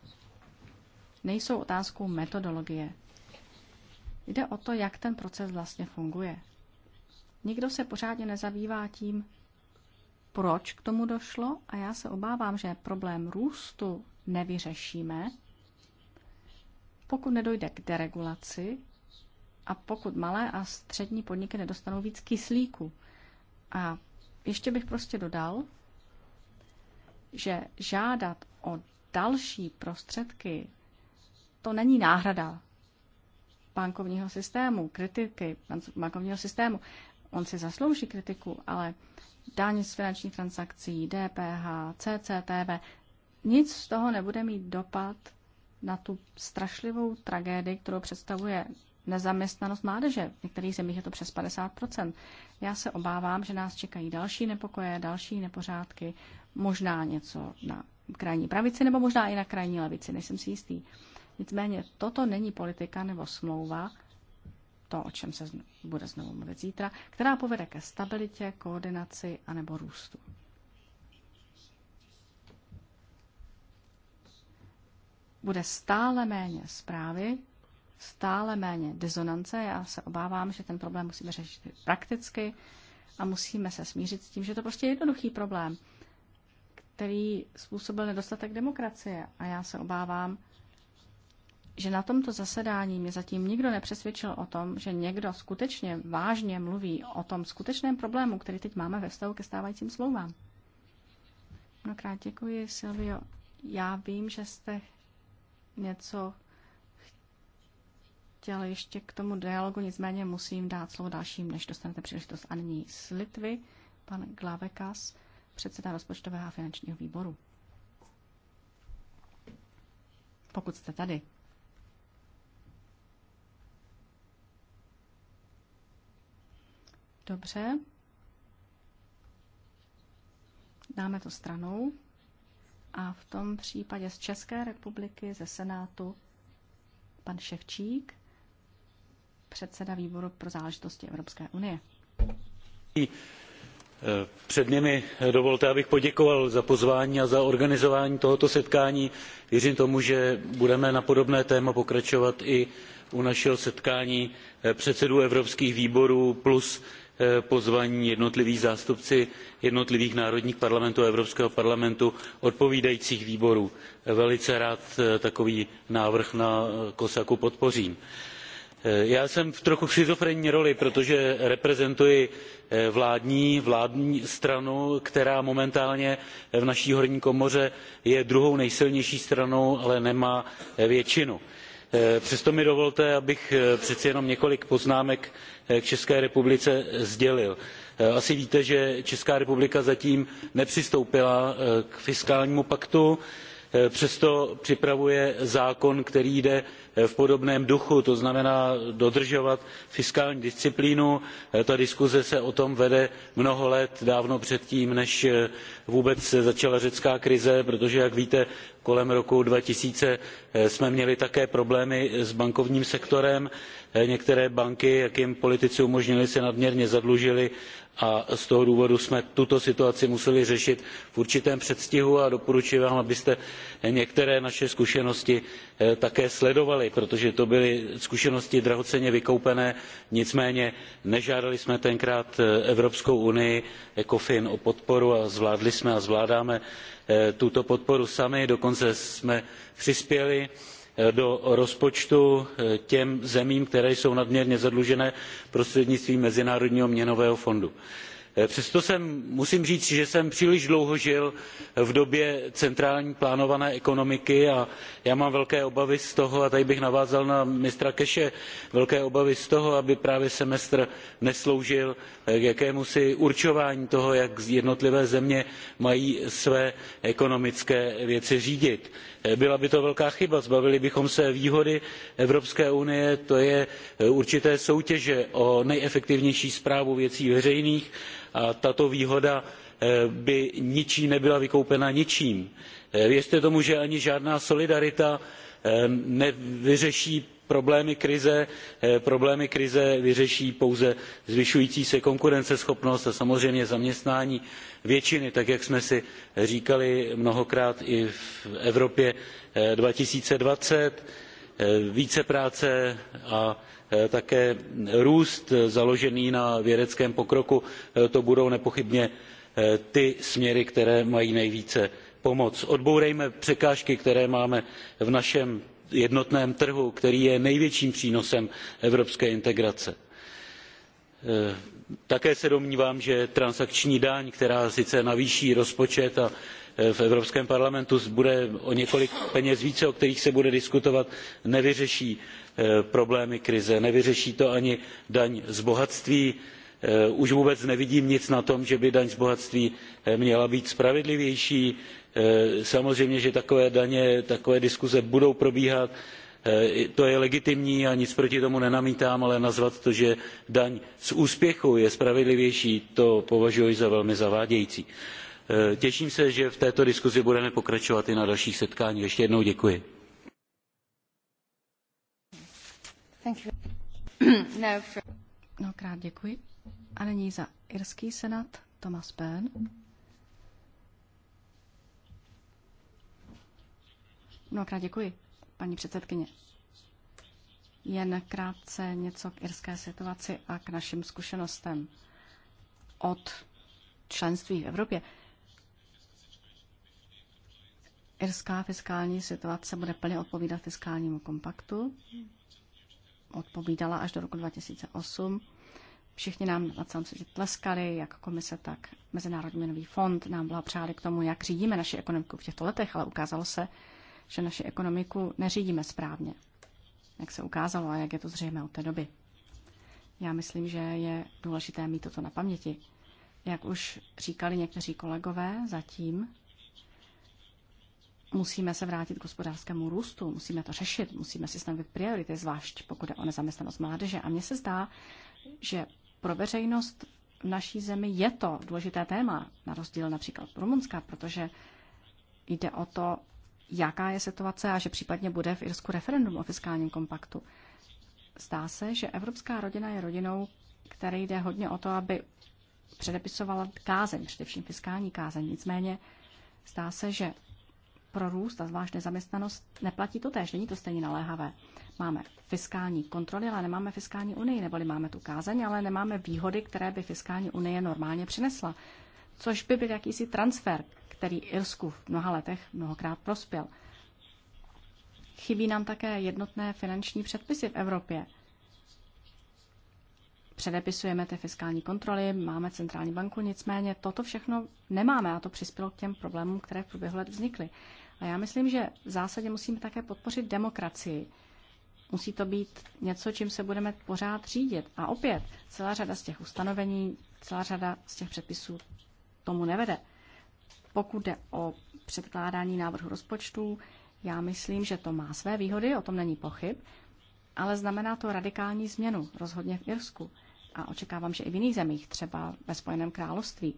nejsou otázkou metodologie. Jde o to, jak ten proces vlastně funguje. Nikdo se pořádně nezabývá tím, proč k tomu došlo a já se obávám, že problém růstu nevyřešíme, pokud nedojde k deregulaci a pokud malé a střední podniky nedostanou víc kyslíku. A ještě bych prostě dodal, že žádat o další prostředky, to není náhrada bankovního systému, kritiky bankovního systému. On si zaslouží kritiku, ale daň z finančních transakcí, DPH, CCTV, nic z toho nebude mít dopad na tu strašlivou tragédii, kterou představuje nezaměstnanost mládeže. V některých zemích je to přes 50 Já se obávám, že nás čekají další nepokoje, další nepořádky, možná něco na krajní pravici nebo možná i na krajní levici, nejsem si jistý. Nicméně toto není politika nebo smlouva, to, o čem se bude znovu mluvit zítra, která povede ke stabilitě, koordinaci anebo růstu. bude stále méně zprávy, stále méně dizonance. Já se obávám, že ten problém musíme řešit prakticky a musíme se smířit s tím, že to prostě je jednoduchý problém, který způsobil nedostatek demokracie. A já se obávám, že na tomto zasedání mě zatím nikdo nepřesvědčil o tom, že někdo skutečně vážně mluví o tom skutečném problému, který teď máme ve vztahu ke stávajícím smlouvám. Mnohokrát děkuji, Silvio. Já vím, že jste něco chtěl ještě k tomu dialogu, nicméně musím dát slovo dalším, než dostanete příležitost. A nyní z Litvy, pan Glavekas, předseda rozpočtového a finančního výboru. Pokud jste tady. Dobře. Dáme to stranou. A v tom případě z České republiky, ze Senátu, pan Ševčík, předseda výboru pro záležitosti Evropské unie. Eh, před nimi dovolte, abych poděkoval za pozvání a za organizování tohoto setkání. Věřím tomu, že budeme na podobné téma pokračovat i u našeho setkání eh, předsedů evropských výborů plus Eh, pozvaní jednotliví zástupci jednotlivých národních parlamentů a evropského parlamentu odpovídajících výborů. Eh, velice rád eh, takový návrh na cosacu podpořím. já jsem v trochu schizofrenní roli protože reprezentuji vládní, stranu která momentálně v naší horní komoře je druhou nejsilnější stranou ale nemá většinu. Eh, přesto mi dovolte abych eh, přeci jenom několik poznámek eh, k české republice sdělil. asi víte že česká republika zatím nepřistoupila k fiskálnímu paktu. Eh, přesto připravuje zákon který jde eh, v podobném duchu to znamená dodržovat fiskální disciplínu. Eh, ta diskuse se o tom vede mnoho let dávno předtím než vůbec začala řecká krize protože jak víte kolem roku two thousand jsme měli také problémy s bankovním sektorem některé banky jak jim politici umožnili se nadměrně zadlužily a z toho důvodu jsme tuto situaci museli řešit v určitém předstihu a doporučuji vám abyste některé naše zkušenosti eh, také sledovali protože to byly zkušenosti drahocenně vykoupené nicméně nežádali jsme tenkrát eh, evropskou unii ecofin o podporu a zvládli jsme a zvládáme eh, tuto podporu sami dokonce jsme přispěli Eh, do rozpočtu eh, těm zemím které jsou nadměrně zadlužené prostřednictvím mezinárodního měnového fondu. Eh, přesto musím říci že jsem příliš dlouho žil v době centrální plánované ekonomiky a já mám velké obavy z toho a tady bych navázal na mistra keshe velké obavy z toho aby právě semestr nesloužil k jakémusi určování toho jak jednotlivé země mají své ekonomické věci řídit Eh, byla by to velká chyba zbavili bychom se výhody evropské unie to je eh, určité soutěže o nejefektivnější správu věcí veřejných a tato výhoda eh, by ničí nebyla vykoupena ničím. věřte tomu že ani žádná solidarita nevyřeší problémy krize, eh, problémy krize vyřeší pouze zvyšující se konkurenceschopnost a samozřejmě zaměstnání většiny tak jak jsme si říkali mnohokrát i v evropě two thousand and twenty práce a eh, také růst založený na vědeckém pokroku eh, to budou nepochybně ty směry které mají nejvíce pomoci. odbourejme překážky které máme v našem jednotném trhu který je největším přínosem evropské integrace. E, také se domnívám že transakční daň která sice navýší rozpočet a e, v evropském parlamentu bude o několik peněz více o kterých se bude diskutovat nevyřeší e, problémy krize nevyřeší to ani daň z bohatství už vůbec nevidím nic na tom že by daň z bohatství měla být spravedlivější Eh, samozřejmě že takové daně takové diskuse budou probíhat eh, to je legitimní a nic proti tomu nenamítám ale nazvat to že daň z úspěchu je spravedlivější to považuji za velmi zavádějící. Eh, těším se že v této diskusi budeme pokračovat i na dalších setkáních. ještě jednou děkuji. No, děkuji. A za irský senát Thomas Mnohokrát děkuji, paní předsedkyně. Jen krátce něco k irské situaci a k našim zkušenostem od členství v Evropě. Irská fiskální situace bude plně odpovídat fiskálnímu kompaktu. Odpovídala až do roku 2008. Všichni nám na celém světě tleskali, jak komise, tak Mezinárodní měnový fond nám byla přáli k tomu, jak řídíme naši ekonomiku v těchto letech, ale ukázalo se, že naši ekonomiku neřídíme správně, jak se ukázalo a jak je to zřejmé od té doby. Já myslím, že je důležité mít toto na paměti. Jak už říkali někteří kolegové zatím, musíme se vrátit k hospodářskému růstu, musíme to řešit, musíme si stanovit priority, zvlášť pokud je o nezaměstnanost mládeže. A mně se zdá, že pro veřejnost v naší zemi je to důležité téma, na rozdíl například Rumunska, protože jde o to, jaká je situace a že případně bude v Irsku referendum o fiskálním kompaktu. Zdá se, že evropská rodina je rodinou, které jde hodně o to, aby předepisovala kázeň, především fiskální kázeň. Nicméně zdá se, že pro růst a zvlášť nezaměstnanost neplatí to též, není to stejně naléhavé. Máme fiskální kontroly, ale nemáme fiskální unii, neboli máme tu kázeň, ale nemáme výhody, které by fiskální unie normálně přinesla což by byl jakýsi transfer, který Irsku v mnoha letech mnohokrát prospěl. Chybí nám také jednotné finanční předpisy v Evropě. Předepisujeme ty fiskální kontroly, máme centrální banku, nicméně toto všechno nemáme a to přispělo k těm problémům, které v průběhu let vznikly. A já myslím, že v zásadě musíme také podpořit demokracii. Musí to být něco, čím se budeme pořád řídit. A opět, celá řada z těch ustanovení, celá řada z těch předpisů tomu nevede. Pokud jde o předkládání návrhu rozpočtu, já myslím, že to má své výhody, o tom není pochyb, ale znamená to radikální změnu, rozhodně v Irsku. A očekávám, že i v jiných zemích, třeba ve Spojeném království,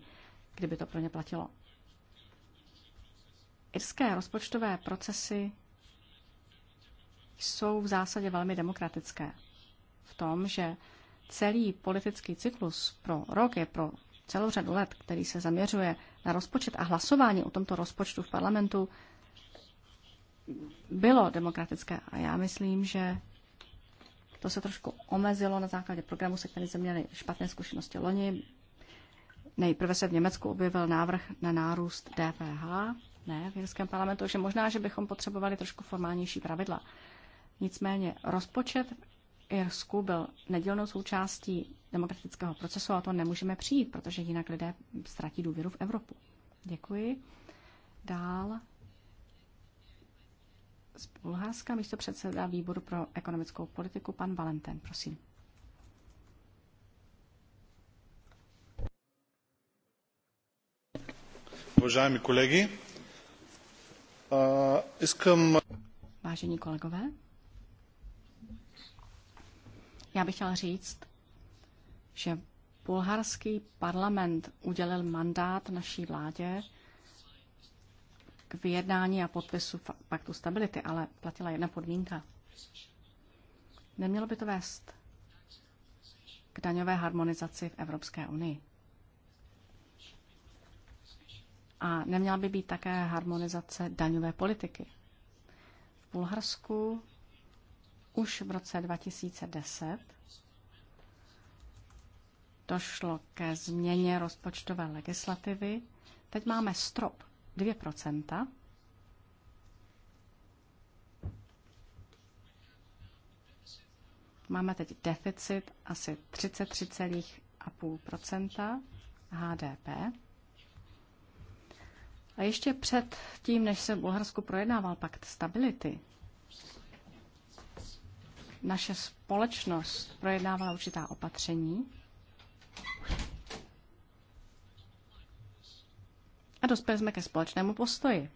kdyby to pro ně platilo. Irské rozpočtové procesy jsou v zásadě velmi demokratické. V tom, že celý politický cyklus pro rok je pro celou řadu let, který se zaměřuje na rozpočet a hlasování o tomto rozpočtu v parlamentu, bylo demokratické. A já myslím, že to se trošku omezilo na základě programu, se kterým jsme měli špatné zkušenosti loni. Nejprve se v Německu objevil návrh na nárůst DPH, ne v Jirském parlamentu, že možná, že bychom potřebovali trošku formálnější pravidla. Nicméně rozpočet v Irsku byl nedělnou součástí demokratického procesu a to nemůžeme přijít, protože jinak lidé ztratí důvěru v Evropu. Děkuji. Dál z Bulharska místo předseda výboru pro ekonomickou politiku pan Valentin. prosím. Vážení kolegy, Vážení kolegové, já bych chtěla říct, že bulharský parlament udělil mandát naší vládě k vyjednání a podpisu paktu stability, ale platila jedna podmínka. Nemělo by to vést k daňové harmonizaci v Evropské unii. A neměla by být také harmonizace daňové politiky. V Bulharsku už v roce 2010 došlo ke změně rozpočtové legislativy. Teď máme strop 2%. Máme teď deficit asi 33,5% HDP. A ještě před tím, než se v Bulharsku projednával pakt stability, naše společnost projednávala určitá opatření, a dospěli jsme ke společnému postoji.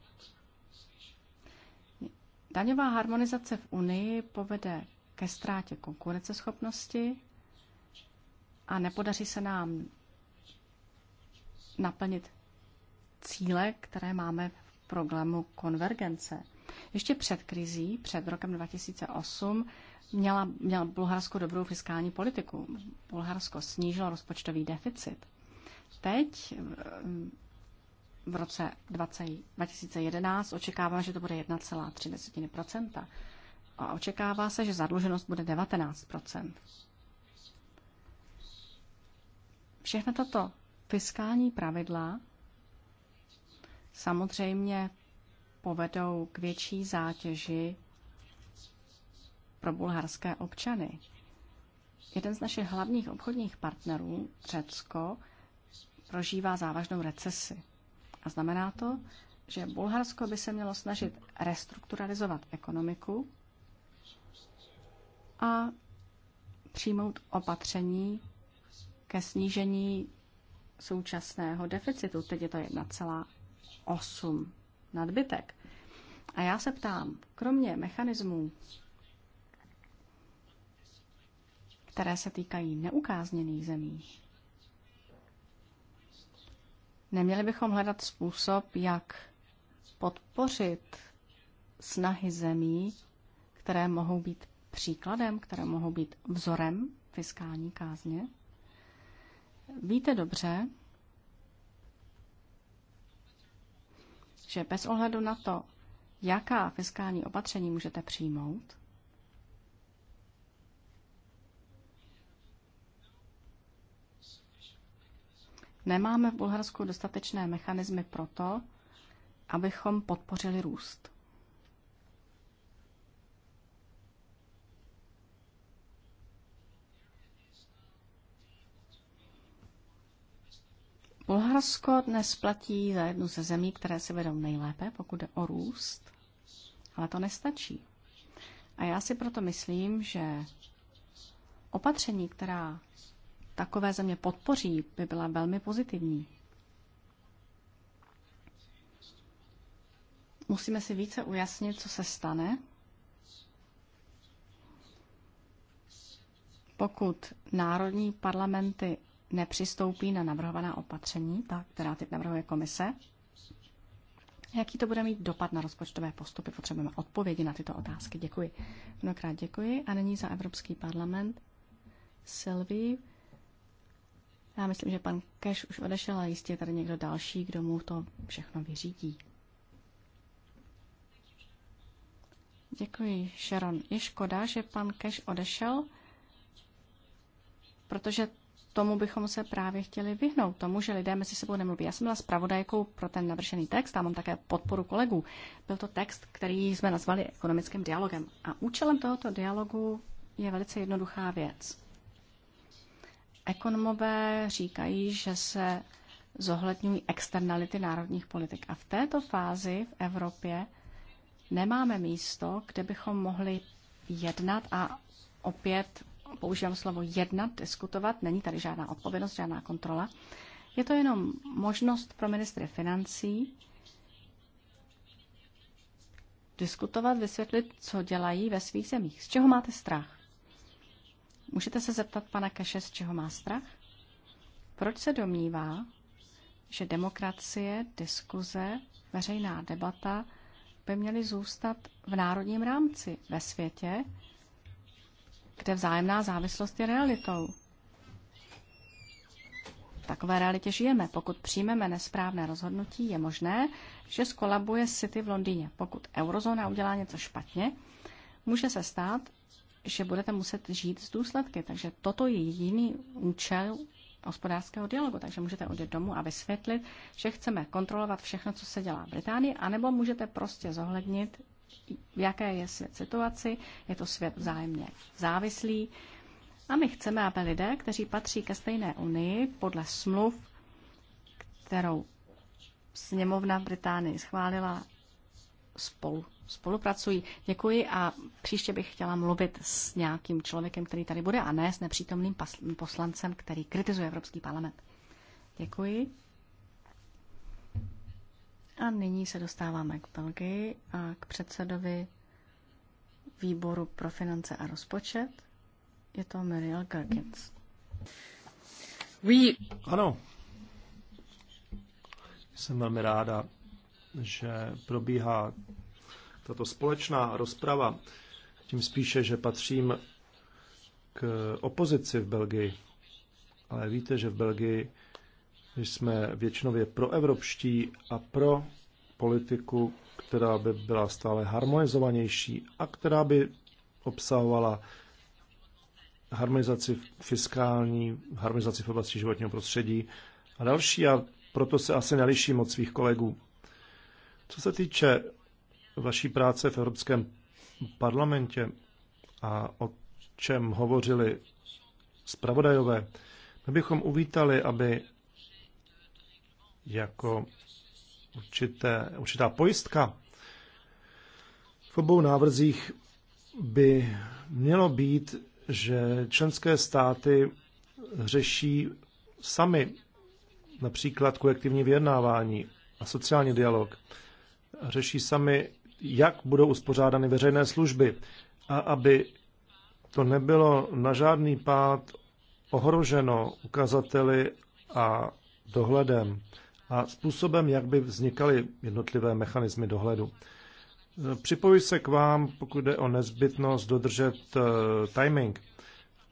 Daňová harmonizace v Unii povede ke ztrátě konkurenceschopnosti a nepodaří se nám naplnit cíle, které máme v programu konvergence. Ještě před krizí, před rokem 2008, měla, měla Bulharsko dobrou fiskální politiku. Bulharsko snížilo rozpočtový deficit. Teď v roce 2011 očekává, že to bude 1,3 a očekává se, že zadluženost bude 19 Všechna tato fiskální pravidla samozřejmě povedou k větší zátěži pro bulharské občany. Jeden z našich hlavních obchodních partnerů, Řecko, prožívá závažnou recesi. A znamená to, že Bulharsko by se mělo snažit restrukturalizovat ekonomiku a přijmout opatření ke snížení současného deficitu. Teď je to 1,8 nadbytek. A já se ptám, kromě mechanismů, které se týkají neukázněných zemí, Neměli bychom hledat způsob, jak podpořit snahy zemí, které mohou být příkladem, které mohou být vzorem fiskální kázně? Víte dobře, že bez ohledu na to, jaká fiskální opatření můžete přijmout, Nemáme v Bulharsku dostatečné mechanismy pro to, abychom podpořili růst. Bulharsko dnes platí za jednu ze zemí, které si vedou nejlépe, pokud jde o růst, ale to nestačí. A já si proto myslím, že opatření, která takové země podpoří, by byla velmi pozitivní. Musíme si více ujasnit, co se stane, pokud národní parlamenty nepřistoupí na navrhovaná opatření, ta, která teď navrhuje komise, jaký to bude mít dopad na rozpočtové postupy. Potřebujeme odpovědi na tyto otázky. Děkuji. Mnohokrát děkuji. A nyní za Evropský parlament Sylvie já myslím, že pan Keš už odešel, a jistě je tady někdo další, kdo mu to všechno vyřídí. Děkuji, Sharon. Je škoda, že pan Keš odešel, protože tomu bychom se právě chtěli vyhnout, tomu, že lidé mezi sebou nemluví. Já jsem byla zpravodajkou pro ten navržený text a mám také podporu kolegů. Byl to text, který jsme nazvali ekonomickým dialogem. A účelem tohoto dialogu je velice jednoduchá věc. Ekonomové říkají, že se zohledňují externality národních politik. A v této fázi v Evropě nemáme místo, kde bychom mohli jednat a opět používám slovo jednat, diskutovat. Není tady žádná odpovědnost, žádná kontrola. Je to jenom možnost pro ministry financí diskutovat, vysvětlit, co dělají ve svých zemích. Z čeho máte strach? Můžete se zeptat pana Keše, z čeho má strach? Proč se domnívá, že demokracie, diskuze, veřejná debata by měly zůstat v národním rámci ve světě, kde vzájemná závislost je realitou? V takové realitě žijeme. Pokud přijmeme nesprávné rozhodnutí, je možné, že skolabuje City v Londýně. Pokud eurozóna udělá něco špatně, může se stát, že budete muset žít z důsledky. Takže toto je jiný účel hospodářského dialogu. Takže můžete odjet domů a vysvětlit, že chceme kontrolovat všechno, co se dělá v Británii, anebo můžete prostě zohlednit, v jaké je svět situaci. Je to svět vzájemně závislý. A my chceme, aby lidé, kteří patří ke stejné unii podle smluv, kterou sněmovna v Británii schválila, spolu spolupracují. Děkuji a příště bych chtěla mluvit s nějakým člověkem, který tady bude a ne s nepřítomným poslancem, který kritizuje Evropský parlament. Děkuji. A nyní se dostáváme k Belgii a k předsedovi výboru pro finance a rozpočet. Je to Muriel Gerkins. Ano. Jsem velmi ráda, že probíhá tato společná rozprava, tím spíše, že patřím k opozici v Belgii. Ale víte, že v Belgii jsme většinově proevropští a pro politiku, která by byla stále harmonizovanější a která by obsahovala harmonizaci fiskální, harmonizaci v oblasti životního prostředí a další a proto se asi neliším od svých kolegů. Co se týče vaší práce v Evropském parlamentě a o čem hovořili zpravodajové, my bychom uvítali, aby jako určité, určitá pojistka v obou návrzích by mělo být, že členské státy řeší sami například kolektivní vyjednávání a sociální dialog. Řeší sami jak budou uspořádány veřejné služby a aby to nebylo na žádný pád ohroženo ukazateli a dohledem a způsobem, jak by vznikaly jednotlivé mechanismy dohledu. Připojuji se k vám, pokud jde o nezbytnost dodržet eh, timing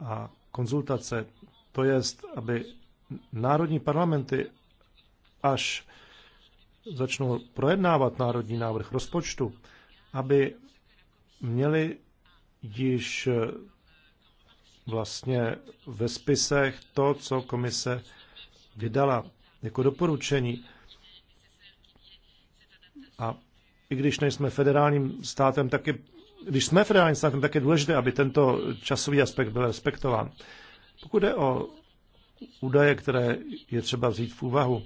a konzultace, to jest, aby národní parlamenty až začnou projednávat národní návrh rozpočtu, aby měli již eh, vlastně ve spisech to, co komise vydala jako doporučení. A i když nejsme federálním státem, tak je, když jsme federálním státem, tak je důležité, aby tento časový aspekt byl respektován. Pokud je o údaje, které je třeba vzít v úvahu,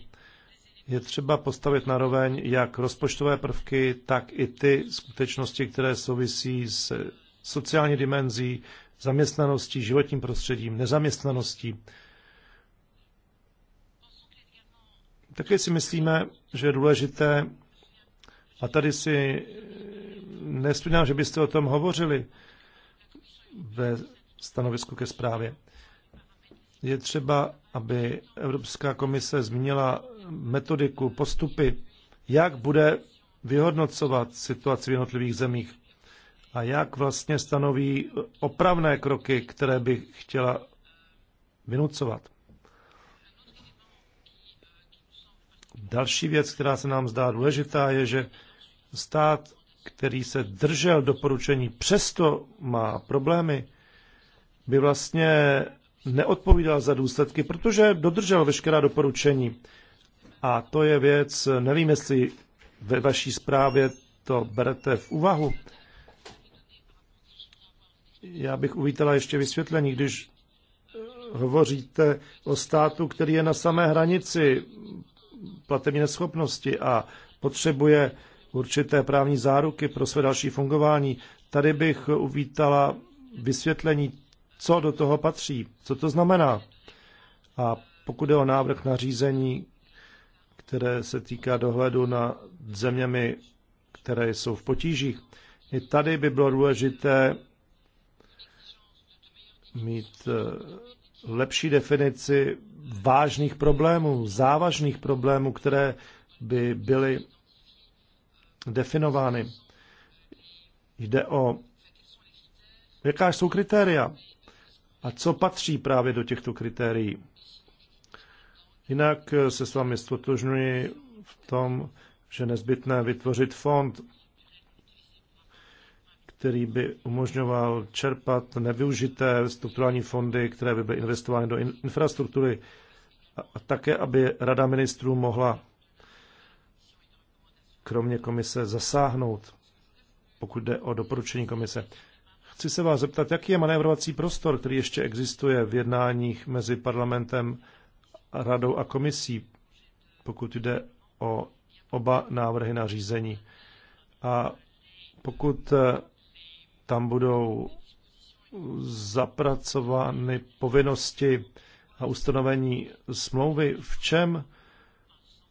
je třeba postavit na roveň jak rozpočtové prvky, tak i ty skutečnosti, které souvisí s sociální dimenzí, zaměstnaností, životním prostředím, nezaměstnaností. Také si myslíme, že je důležité, a tady si nespomínám, že byste o tom hovořili ve stanovisku ke zprávě. Je třeba, aby Evropská komise zmínila metodiku, postupy, jak bude vyhodnocovat situaci v jednotlivých zemích a jak vlastně stanoví opravné kroky, které by chtěla vynucovat. Další věc, která se nám zdá důležitá, je, že stát, který se držel doporučení, přesto má problémy, by vlastně neodpovídal za důsledky, protože dodržel veškerá doporučení. A to je věc, nevím, jestli ve vaší zprávě to berete v úvahu. Já bych uvítala ještě vysvětlení, když eh, hovoříte o státu, který je na samé hranici platební neschopnosti a potřebuje určité právní záruky pro své další fungování. Tady bych uvítala vysvětlení, co do toho patří, co to znamená. A pokud je o návrh na řízení, které se týká dohledu na zeměmi, které jsou v potížích. I tady by bylo důležité mít eh, lepší definici vážných problémů, závažných problémů, které by byly definovány. Jde o, jaká jsou kritéria a co patří právě do těchto kritérií. Jinak eh, se s vámi stotožňuji v tom, že nezbytné vytvořit fond, který by umožňoval čerpat nevyužité strukturální fondy, které by byly investovány do infrastruktury a také, aby Rada ministrů mohla kromě komise zasáhnout, pokud jde o doporučení komise. Chci se vás zeptat, jaký je manévrovací prostor, který ještě existuje v jednáních mezi parlamentem radou a komisí, pokud jde o oba návrhy na řízení. A pokud eh, tam budou zapracovány povinnosti a ustanovení smlouvy, v čem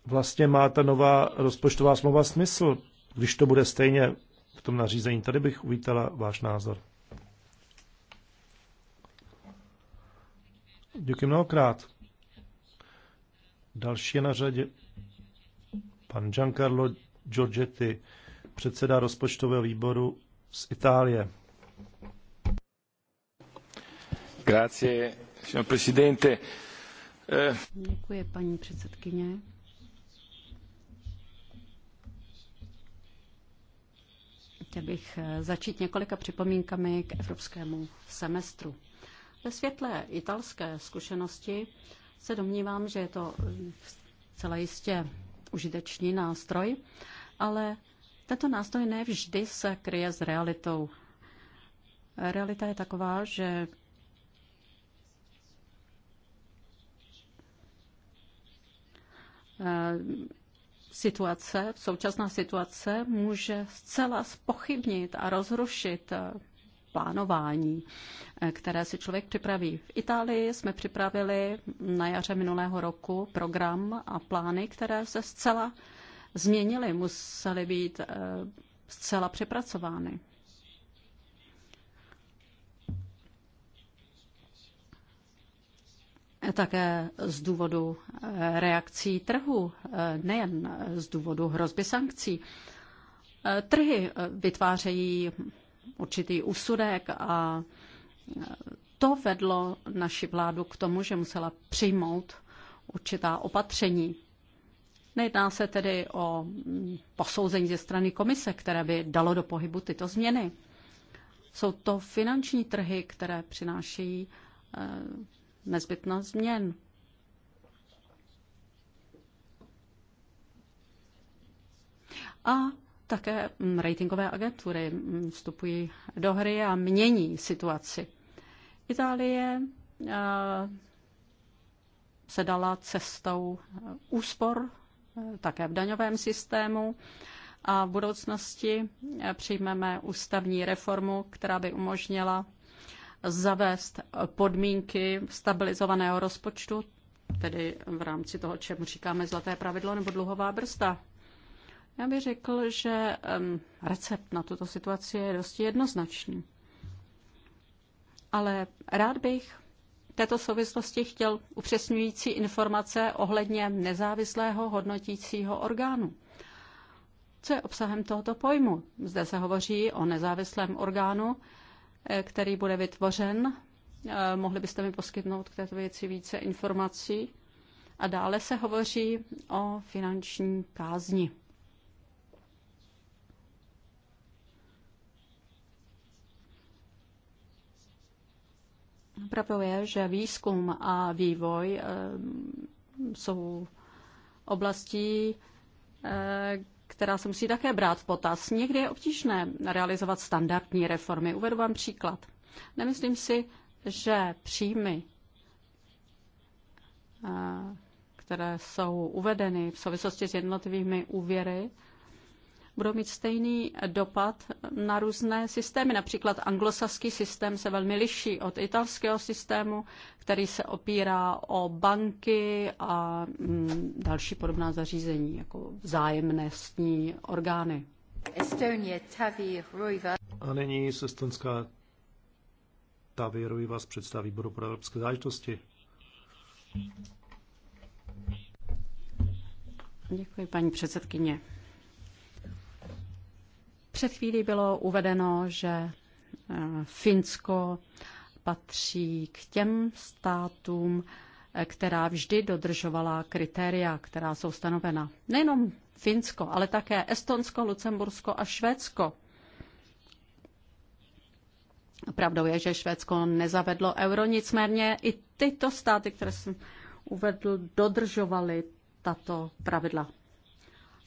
vlastně má ta nová rozpočtová smlouva smysl, když to bude stejně v tom nařízení. Tady bych uvítala váš názor. Děkuji mnohokrát. Další je na řadě pan Giancarlo Giorgetti, předseda rozpočtového výboru z Itálie. Grazie, signor presidente. Děkuji, paní předsedkyně. Chtěl bych eh, začít několika připomínkami k evropskému semestru. Ve světle italské zkušenosti se domnívám, že je to eh, celé jistě užitečný nástroj, ale tento nástroj nevždy se kryje s realitou. Realita je taková, že eh, situace, současná situace může zcela spochybnit a rozrušit eh, plánování, eh, které si člověk připraví. V Itálii jsme připravili na jaře minulého roku program a plány, které se zcela změnily, musely být eh, zcela přepracovány. Eh, také z důvodu reakcí trhu, nejen z důvodu hrozby sankcí. Trhy vytvářejí určitý úsudek a e, to vedlo naši vládu k tomu, že musela přijmout určitá opatření. Nejedná se tedy o mm, posouzení ze strany komise, které by dalo do pohybu tyto změny. Jsou to finanční trhy, které přinášejí e, nezbytnost změn. A také mm, ratingové agentury mm, vstupují do hry a mění situaci. Itálie eh, se dala cestou eh, úspor eh, také v daňovém systému a v budoucnosti přijmeme ústavní reformu, která by umožnila zavést podmínky stabilizovaného rozpočtu, tedy v rámci toho, čemu říkáme zlaté pravidlo nebo dluhová brzda. Já bych řekl, že recept na tuto situaci je dosti jednoznačný. Ale rád bych v této souvislosti chtěl upřesňující informace ohledně nezávislého hodnotícího orgánu. Co je obsahem tohoto pojmu? Zde se hovoří o nezávislém orgánu, eh, který bude vytvořen. Eh, mohli byste mi poskytnout k této věci více informací? A dále se hovoří o finanční kázni. Pravdou je, že výzkum a vývoj eh, jsou oblastí, eh, která se musí také brát v potaz. Někdy je obtížné realizovat standardní reformy. Uvedu vám příklad. Nemyslím si, že příjmy, eh, které jsou uvedeny v souvislosti s jednotlivými úvěry, budou mít stejný dopad na různé systémy. Například anglosaský systém se velmi liší od italského systému, který se opírá o banky a mm, další podobná zařízení, jako zájemné stní orgány. Estonie, Tavi, A nyní se Estonská Tavi vás představí budou pro evropské záležitosti. Děkuji, paní předsedkyně. Před chvílí bylo uvedeno, že eh, Finsko patří k těm státům, eh, která vždy dodržovala kritéria, která jsou stanovena. Nejenom Finsko, ale také Estonsko, Lucembursko a Švédsko. Pravdou je, že Švédsko nezavedlo euro, nicméně i tyto státy, které jsem uvedl, dodržovaly tato pravidla.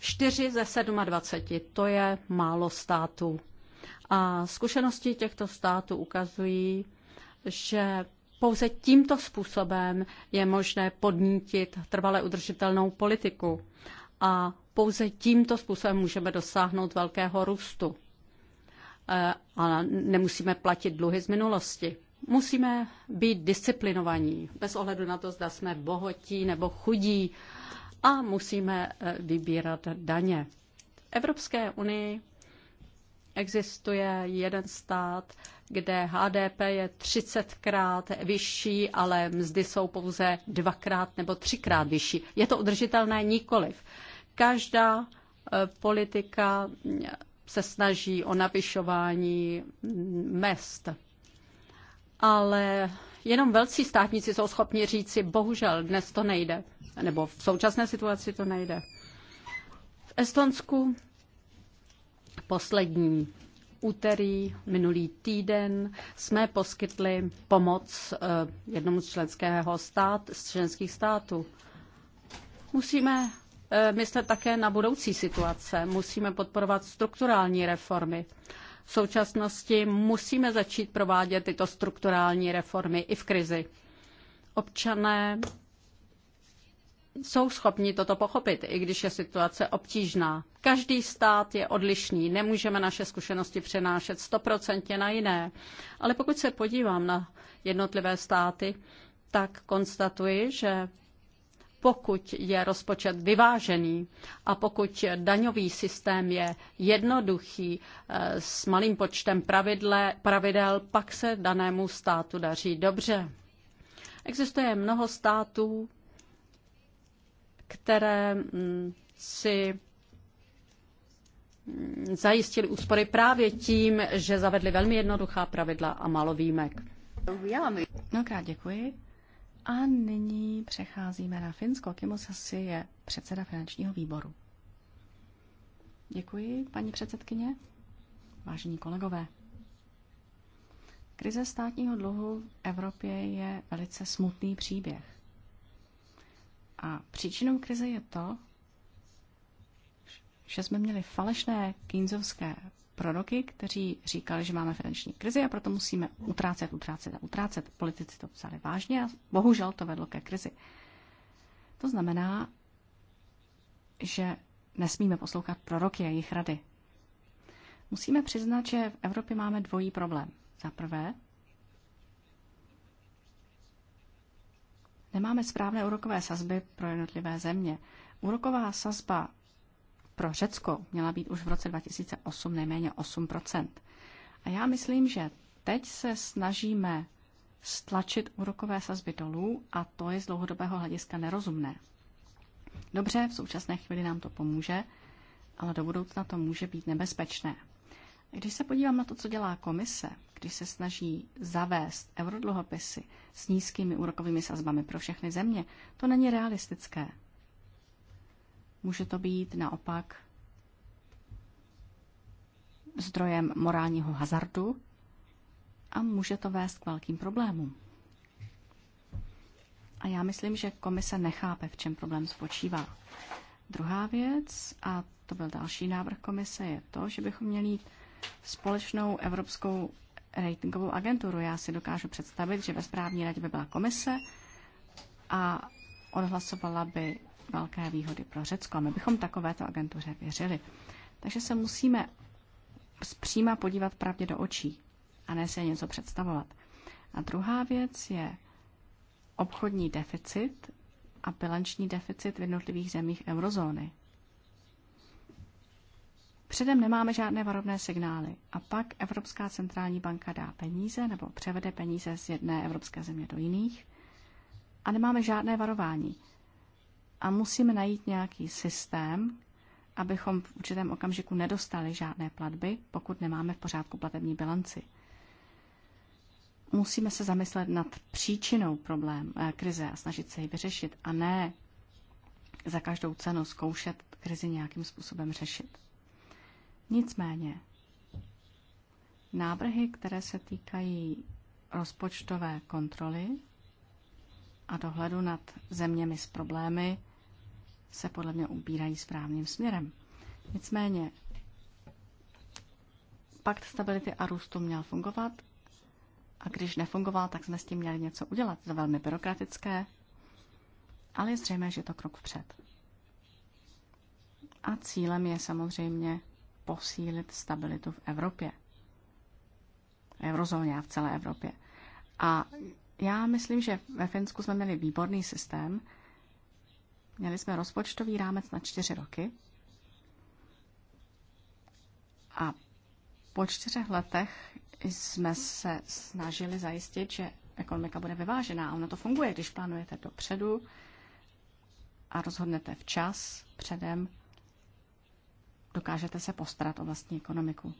4 ze 27, to je málo států. A zkušenosti těchto států ukazují, že pouze tímto způsobem je možné podnítit trvale udržitelnou politiku. A pouze tímto způsobem můžeme dosáhnout velkého růstu. E, a nemusíme platit dluhy z minulosti. Musíme být disciplinovaní, bez ohledu na to, zda jsme bohatí nebo chudí a musíme eh, vybírat daně. V Evropské unii existuje jeden stát, kde HDP je 30krát vyšší, ale mzdy jsou pouze dvakrát nebo třikrát vyšší. Je to udržitelné nikoliv. Každá eh, politika eh, se snaží o navyšování mm, mest, ale jenom velcí státníci jsou schopni říci, bohužel dnes to nejde, nebo v současné situaci to nejde. V Estonsku poslední úterý, minulý týden, jsme poskytli pomoc eh, jednomu z členského stát, z členských států. Musíme eh, myslet také na budoucí situace. Musíme podporovat strukturální reformy. V současnosti musíme začít provádět tyto strukturální reformy i v krizi. Občané jsou schopni toto pochopit, i když je situace obtížná. Každý stát je odlišný, nemůžeme naše zkušenosti přenášet stoprocentně na jiné. Ale pokud se podívám na jednotlivé státy, tak konstatuji, že pokud je rozpočet vyvážený a pokud daňový systém je jednoduchý eh, s malým počtem pravidle, pravidel, pak se danému státu daří dobře. Existuje mnoho států, které mm, si mm, zajistili úspory právě tím, že zavedli velmi jednoduchá pravidla a málo výjimek. Mnohokrát děkuji. A nyní přecházíme na Finsko. Sasi je předseda finančního výboru. Děkuji, paní předsedkyně. Vážení kolegové, krize státního dluhu v Evropě je velice smutný příběh. A příčinou krize je to, že jsme měli falešné kýnzovské proroky, kteří říkali, že máme finanční krizi a proto musíme utrácet, utrácet a utrácet. Politici to psali vážně a bohužel to vedlo ke krizi. To znamená, že nesmíme poslouchat proroky a jejich rady. Musíme přiznat, že v Evropě máme dvojí problém. Za prvé, nemáme správné úrokové sazby pro jednotlivé země. Úroková sazba pro Řecko měla být už v roce 2008 nejméně 8 A já myslím, že teď se snažíme stlačit úrokové sazby dolů a to je z dlouhodobého hlediska nerozumné. Dobře, v současné chvíli nám to pomůže, ale do budoucna to může být nebezpečné. Když se podívám na to, co dělá komise, když se snaží zavést eurodluhopisy s nízkými úrokovými sazbami pro všechny země, to není realistické. Může to být naopak zdrojem morálního hazardu a může to vést k velkým problémům. A já myslím, že komise nechápe, v čem problém spočívá. Druhá věc, a to byl další návrh komise, je to, že bychom měli jít společnou evropskou ratingovou agenturu. Já si dokážu představit, že ve správní radě by byla komise a odhlasovala by velké výhody pro Řecko. my bychom takovéto agentuře věřili. Takže se musíme zpříma podívat pravdě do očí a ne si něco představovat. A druhá věc je obchodní deficit a bilanční deficit v jednotlivých zemích eurozóny. Předem nemáme žádné varovné signály a pak Evropská centrální banka dá peníze nebo převede peníze z jedné evropské země do jiných a nemáme žádné varování. A musíme najít nějaký systém, abychom v určitém okamžiku nedostali žádné platby, pokud nemáme v pořádku platební bilanci. Musíme se zamyslet nad příčinou problém eh, krize a snažit se ji vyřešit a ne za každou cenu zkoušet krizi nějakým způsobem řešit. Nicméně, návrhy, které se týkají rozpočtové kontroly a dohledu nad zeměmi s problémy, se podle mě ubírají správným směrem. Nicméně, pakt stability a růstu měl fungovat a když nefungoval, tak jsme s tím měli něco udělat. To velmi byrokratické, ale je zřejmé, že je to krok vpřed. A cílem je samozřejmě posílit stabilitu v Evropě. Eurozóně a v celé Evropě. A já myslím, že ve Finsku jsme měli výborný systém, Měli jsme rozpočtový rámec na čtyři roky a po čtyřech letech jsme se snažili zajistit, že ekonomika bude vyvážená. Ono to funguje, když plánujete dopředu a rozhodnete včas, předem, dokážete se postarat o vlastní ekonomiku.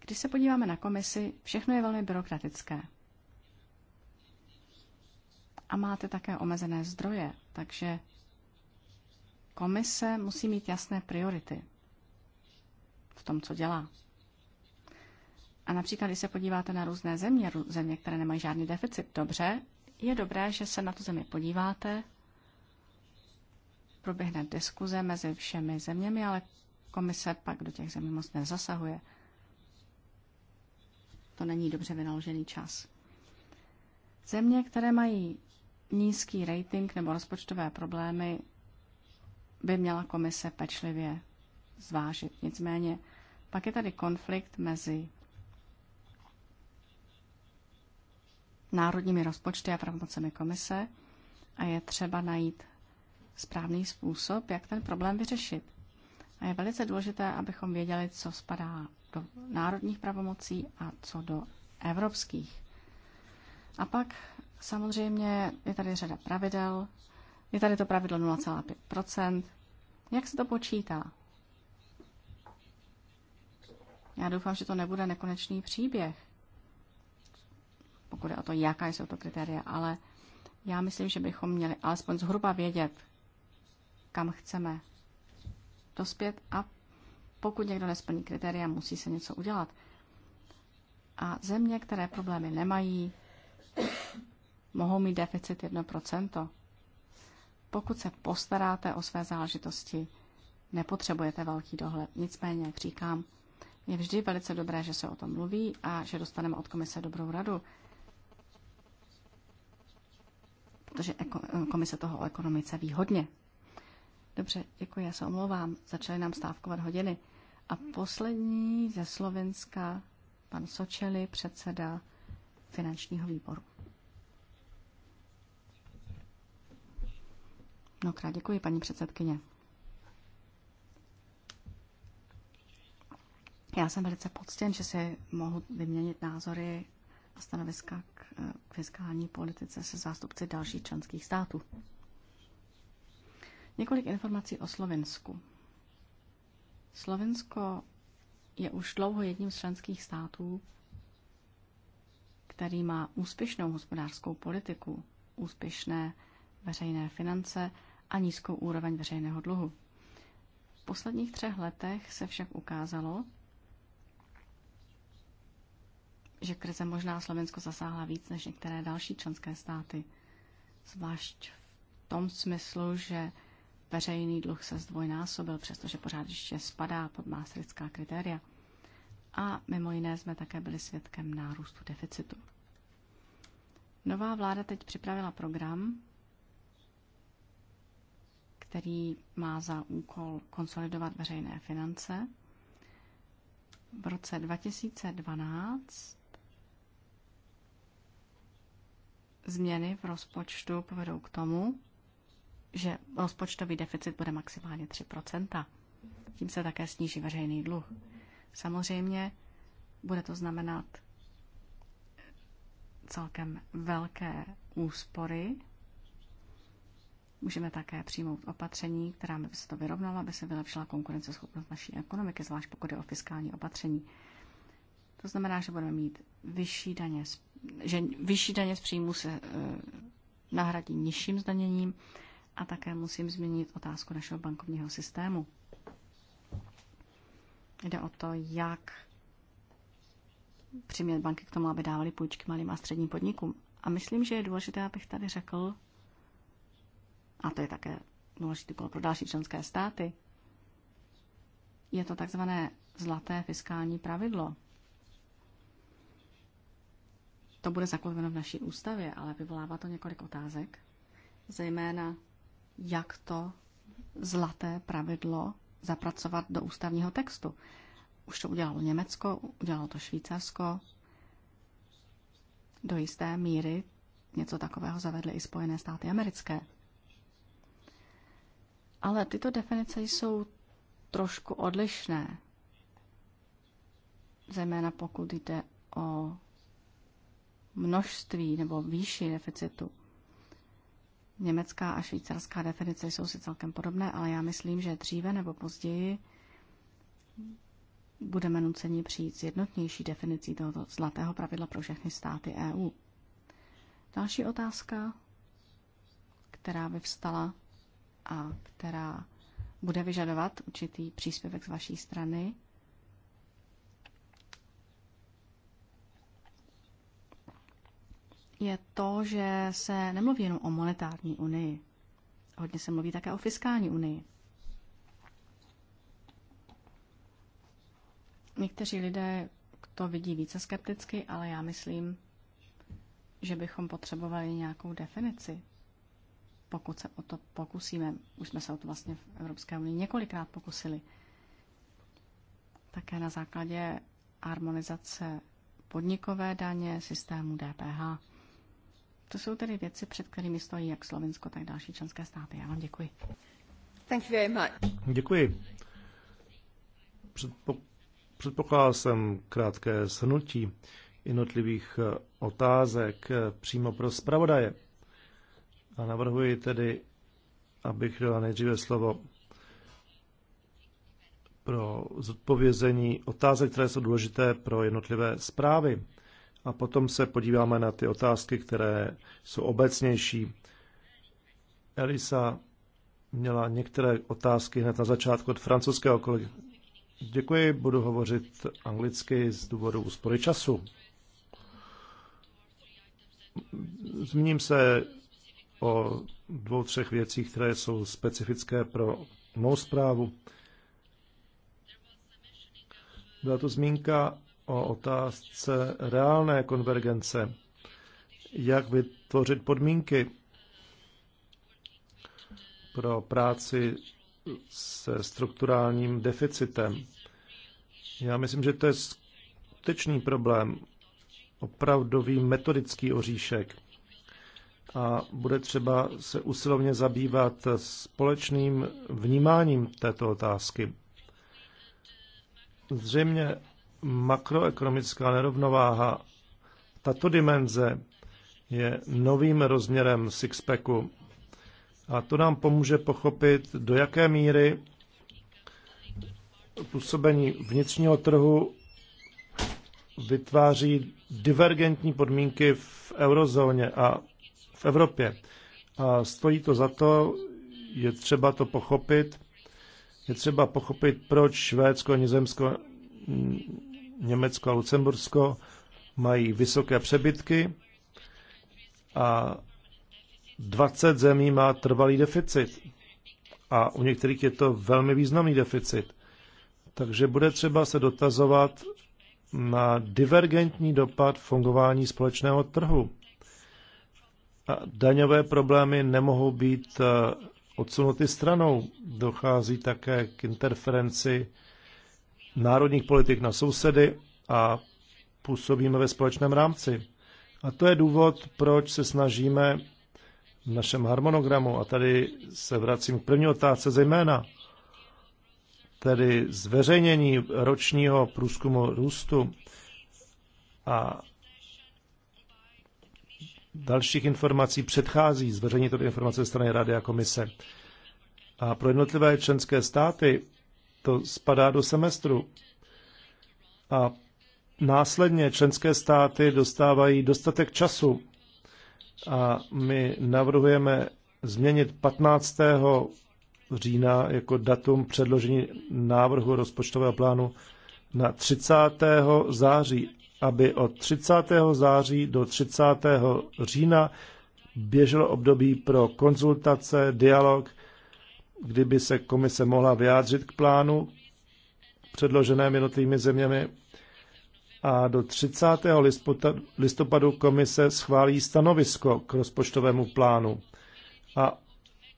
Když se podíváme na komisi, všechno je velmi byrokratické a máte také omezené zdroje, takže komise musí mít jasné priority v tom, co dělá. A například, když se podíváte na různé země, země, které nemají žádný deficit, dobře, je dobré, že se na tu zemi podíváte, proběhne diskuze mezi všemi zeměmi, ale komise pak do těch zemí moc nezasahuje. To není dobře vynaložený čas. Země, které mají nízký rating nebo rozpočtové problémy by měla komise pečlivě zvážit. Nicméně pak je tady konflikt mezi národními rozpočty a pravomocemi komise a je třeba najít správný způsob, jak ten problém vyřešit. A je velice důležité, abychom věděli, co spadá do národních pravomocí a co do evropských. A pak samozřejmě je tady řada pravidel. Je tady to pravidlo 0,5%. Jak se to počítá? Já doufám, že to nebude nekonečný příběh, pokud je o to, jaká jsou to kritéria, ale já myslím, že bychom měli alespoň zhruba vědět, kam chceme dospět a pokud někdo nesplní kritéria, musí se něco udělat. A země, které problémy nemají, mohou mít deficit 1%. Pokud se postaráte o své záležitosti, nepotřebujete velký dohled. Nicméně, jak říkám, je vždy velice dobré, že se o tom mluví a že dostaneme od komise dobrou radu, protože komise toho o ekonomice ví hodně. Dobře, děkuji, já se omlouvám. Začaly nám stávkovat hodiny. A poslední ze Slovenska, pan Sočeli, předseda finančního výboru. Mnohokrát děkuji, paní předsedkyně. Já jsem velice poctěn, že si mohu vyměnit názory a stanoviska k, k fiskální politice se zástupci dalších členských států. Několik informací o Slovensku. Slovensko je už dlouho jedním z členských států, který má úspěšnou hospodářskou politiku, úspěšné veřejné finance a nízkou úroveň veřejného dluhu. V posledních třech letech se však ukázalo, že krize možná Slovensko zasáhla víc než některé další členské státy, zvlášť v tom smyslu, že veřejný dluh se zdvojnásobil, přestože pořád ještě spadá pod mástrická kritéria a mimo jiné jsme také byli svědkem nárůstu deficitu. Nová vláda teď připravila program, který má za úkol konsolidovat veřejné finance. V roce 2012 změny v rozpočtu povedou k tomu, že rozpočtový deficit bude maximálně 3 Tím se také sníží veřejný dluh. Samozřejmě bude to znamenat celkem velké úspory. Můžeme také přijmout opatření, která by se to vyrovnala, aby se vylepšila konkurenceschopnost naší ekonomiky, zvlášť pokud je o fiskální opatření. To znamená, že budeme mít vyšší daně, že vyšší daně z příjmu se eh, nahradí nižším zdaněním a také musím změnit otázku našeho bankovního systému. Jde o to, jak přimět banky k tomu, aby dávali půjčky malým a středním podnikům. A myslím, že je důležité, abych tady řekl, a to je také důležité pro další členské státy, je to takzvané zlaté fiskální pravidlo. To bude zakotveno v naší ústavě, ale vyvolává to několik otázek, zejména jak to zlaté pravidlo zapracovat do ústavního textu. Už to udělalo Německo, udělalo to Švýcarsko. Do jisté míry něco takového zavedly i Spojené státy americké. Ale tyto definice jsou trošku odlišné, zejména pokud jde o množství nebo výši deficitu. Německá a švýcarská definice jsou si celkem podobné, ale já myslím, že dříve nebo později budeme nuceni přijít s jednotnější definicí tohoto zlatého pravidla pro všechny státy EU. Další otázka, která vyvstala a která bude vyžadovat určitý příspěvek z vaší strany, je to, že se nemluví jenom o monetární unii. Hodně se mluví také o fiskální unii. Někteří lidé to vidí více skepticky, ale já myslím, že bychom potřebovali nějakou definici, pokud se o to pokusíme. Už jsme se o to vlastně v Evropské unii několikrát pokusili. Také na základě harmonizace podnikové daně, systému DPH. To jsou tedy věci, před kterými stojí jak Slovensko, tak další členské státy. Já vám děkuji. Thank you very much. Děkuji. Předpo, předpokládal jsem krátké shrnutí jednotlivých eh, otázek eh, přímo pro zpravodaje. A navrhuji tedy, abych dala nejdříve slovo pro zodpovězení otázek, které jsou důležité pro jednotlivé zprávy a potom se podíváme na ty otázky, které jsou obecnější. Elisa měla některé otázky hned na začátku od francouzského kolegy. Děkuji, budu hovořit anglicky z důvodu úspory času. Zmíním se o dvou, třech věcích, které jsou specifické pro mou zprávu. Byla to zmínka o otázce reálné konvergence. Jak vytvořit podmínky pro práci se strukturálním deficitem. Já myslím, že to je skutečný problém, opravdový metodický oříšek. A bude třeba se usilovně zabývat společným vnímáním této otázky. Zřejmě makroekonomická nerovnováha, tato dimenze je novým rozměrem sixpacku. A to nám pomůže pochopit, do jaké míry působení vnitřního trhu vytváří divergentní podmínky v eurozóně a v Evropě. A stojí to za to, je třeba to pochopit. Je třeba pochopit, proč Švédsko a Nizemsko Německo a Lucembursko mají vysoké přebytky a 20 zemí má trvalý deficit. A u některých je to velmi významný deficit. Takže bude třeba se dotazovat na divergentní dopad fungování společného trhu. A daňové problémy nemohou být eh, odsunuty stranou. Dochází také k interferenci národních politik na sousedy a působíme ve společném rámci. A to je důvod, proč se snažíme v našem harmonogramu, a tady se vracím k první otázce zejména, tedy zveřejnění ročního průzkumu růstu a dalších informací předchází této informace ze strany Rady a komise. A pro jednotlivé členské státy to spadá do semestru. A následně členské státy dostávají dostatek času. A my navrhujeme změnit 15. října jako datum předložení návrhu rozpočtového plánu na 30. září, aby od 30. září do 30. října běželo období pro konzultace, dialog kdyby se komise mohla vyjádřit k plánu předloženém jednotlivými zeměmi a do 30. listopadu komise schválí stanovisko k rozpočtovému plánu a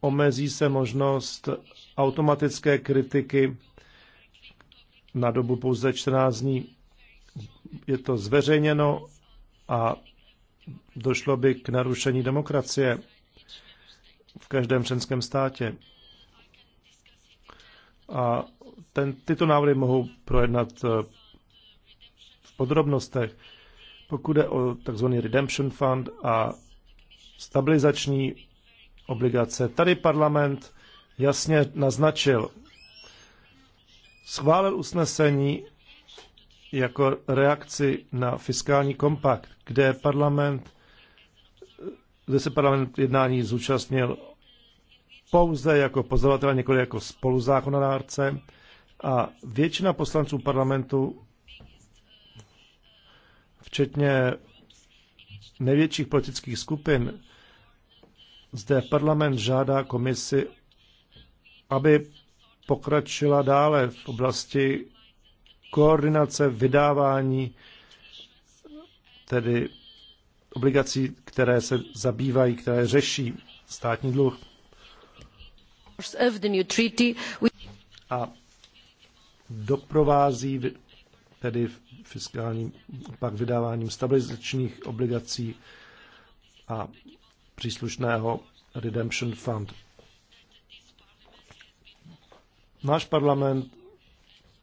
omezí se možnost automatické kritiky na dobu pouze 14 dní. Je to zveřejněno a došlo by k narušení demokracie v každém členském státě. A ten, tyto návrhy mohou projednat eh, v podrobnostech. Pokud je o tzv. Redemption Fund a stabilizační obligace, tady parlament jasně naznačil, schválil usnesení jako reakci na fiskální kompakt, kde parlament, eh, kde se parlament jednání zúčastnil pouze jako pozorovatel, nikoli jako spoluzákonodárce. A většina poslanců parlamentu, včetně největších politických skupin, zde parlament žádá komisi, aby pokračila dále v oblasti koordinace vydávání, tedy obligací, které se zabývají, které řeší státní dluh. A doprovází tedy fiskálním pak vydáváním stabilizačních obligací a příslušného Redemption Fund. Náš parlament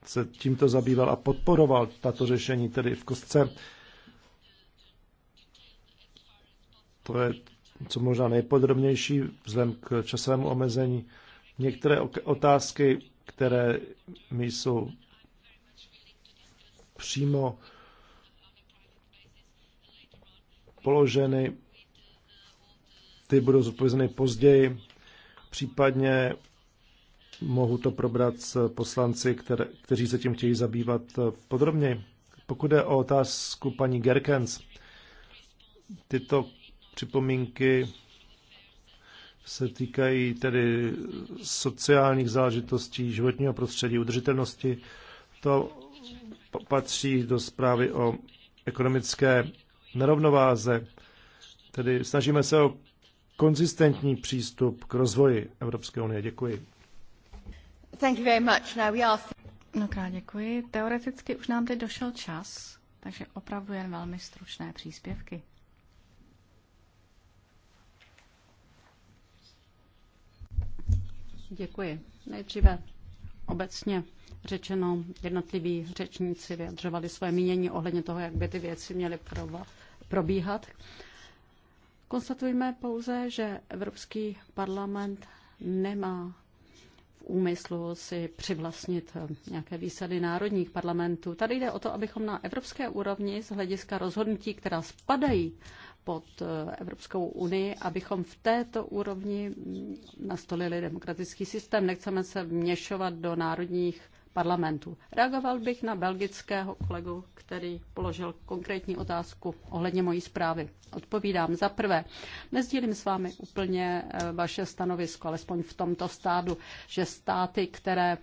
se tímto zabýval a podporoval tato řešení, tedy v kostce. To je co možná nejpodrobnější vzhledem k časovému omezení některé otázky, které mi jsou přímo položeny, ty budou zodpovězeny později, případně mohu to probrat s poslanci, které, kteří se tím chtějí zabývat podrobněji. Pokud je o otázku paní Gerkens, tyto připomínky se týkají tedy sociálních záležitostí, životního prostředí, udržitelnosti. To patří do zprávy o ekonomické nerovnováze. Tedy snažíme se o konzistentní přístup k rozvoji Evropské unie. Děkuji. Thank you very much. Now we are... No krát děkuji. Teoreticky už nám teď došel čas, takže opravdu jen velmi stručné příspěvky. Děkuji. Nejdříve obecně řečeno, jednotliví řečníci vyjadřovali své mínění ohledně toho, jak by ty věci měly probíhat. Konstatujeme pouze, že Evropský parlament nemá v úmyslu si přivlastnit eh, nějaké výsady národních parlamentů. Tady jde o to, abychom na evropské úrovni z hlediska rozhodnutí, která spadají pod eh, Evropskou unii, abychom v této úrovni mm, nastolili demokratický systém. Nechceme se vměšovat do národních parlamentu. Reagoval bych na belgického kolegu, který položil konkrétní otázku ohledně mojí zprávy. Odpovídám. Za prvé, nezdílím s vámi úplně eh, vaše stanovisko, alespoň v tomto stádu, že státy, které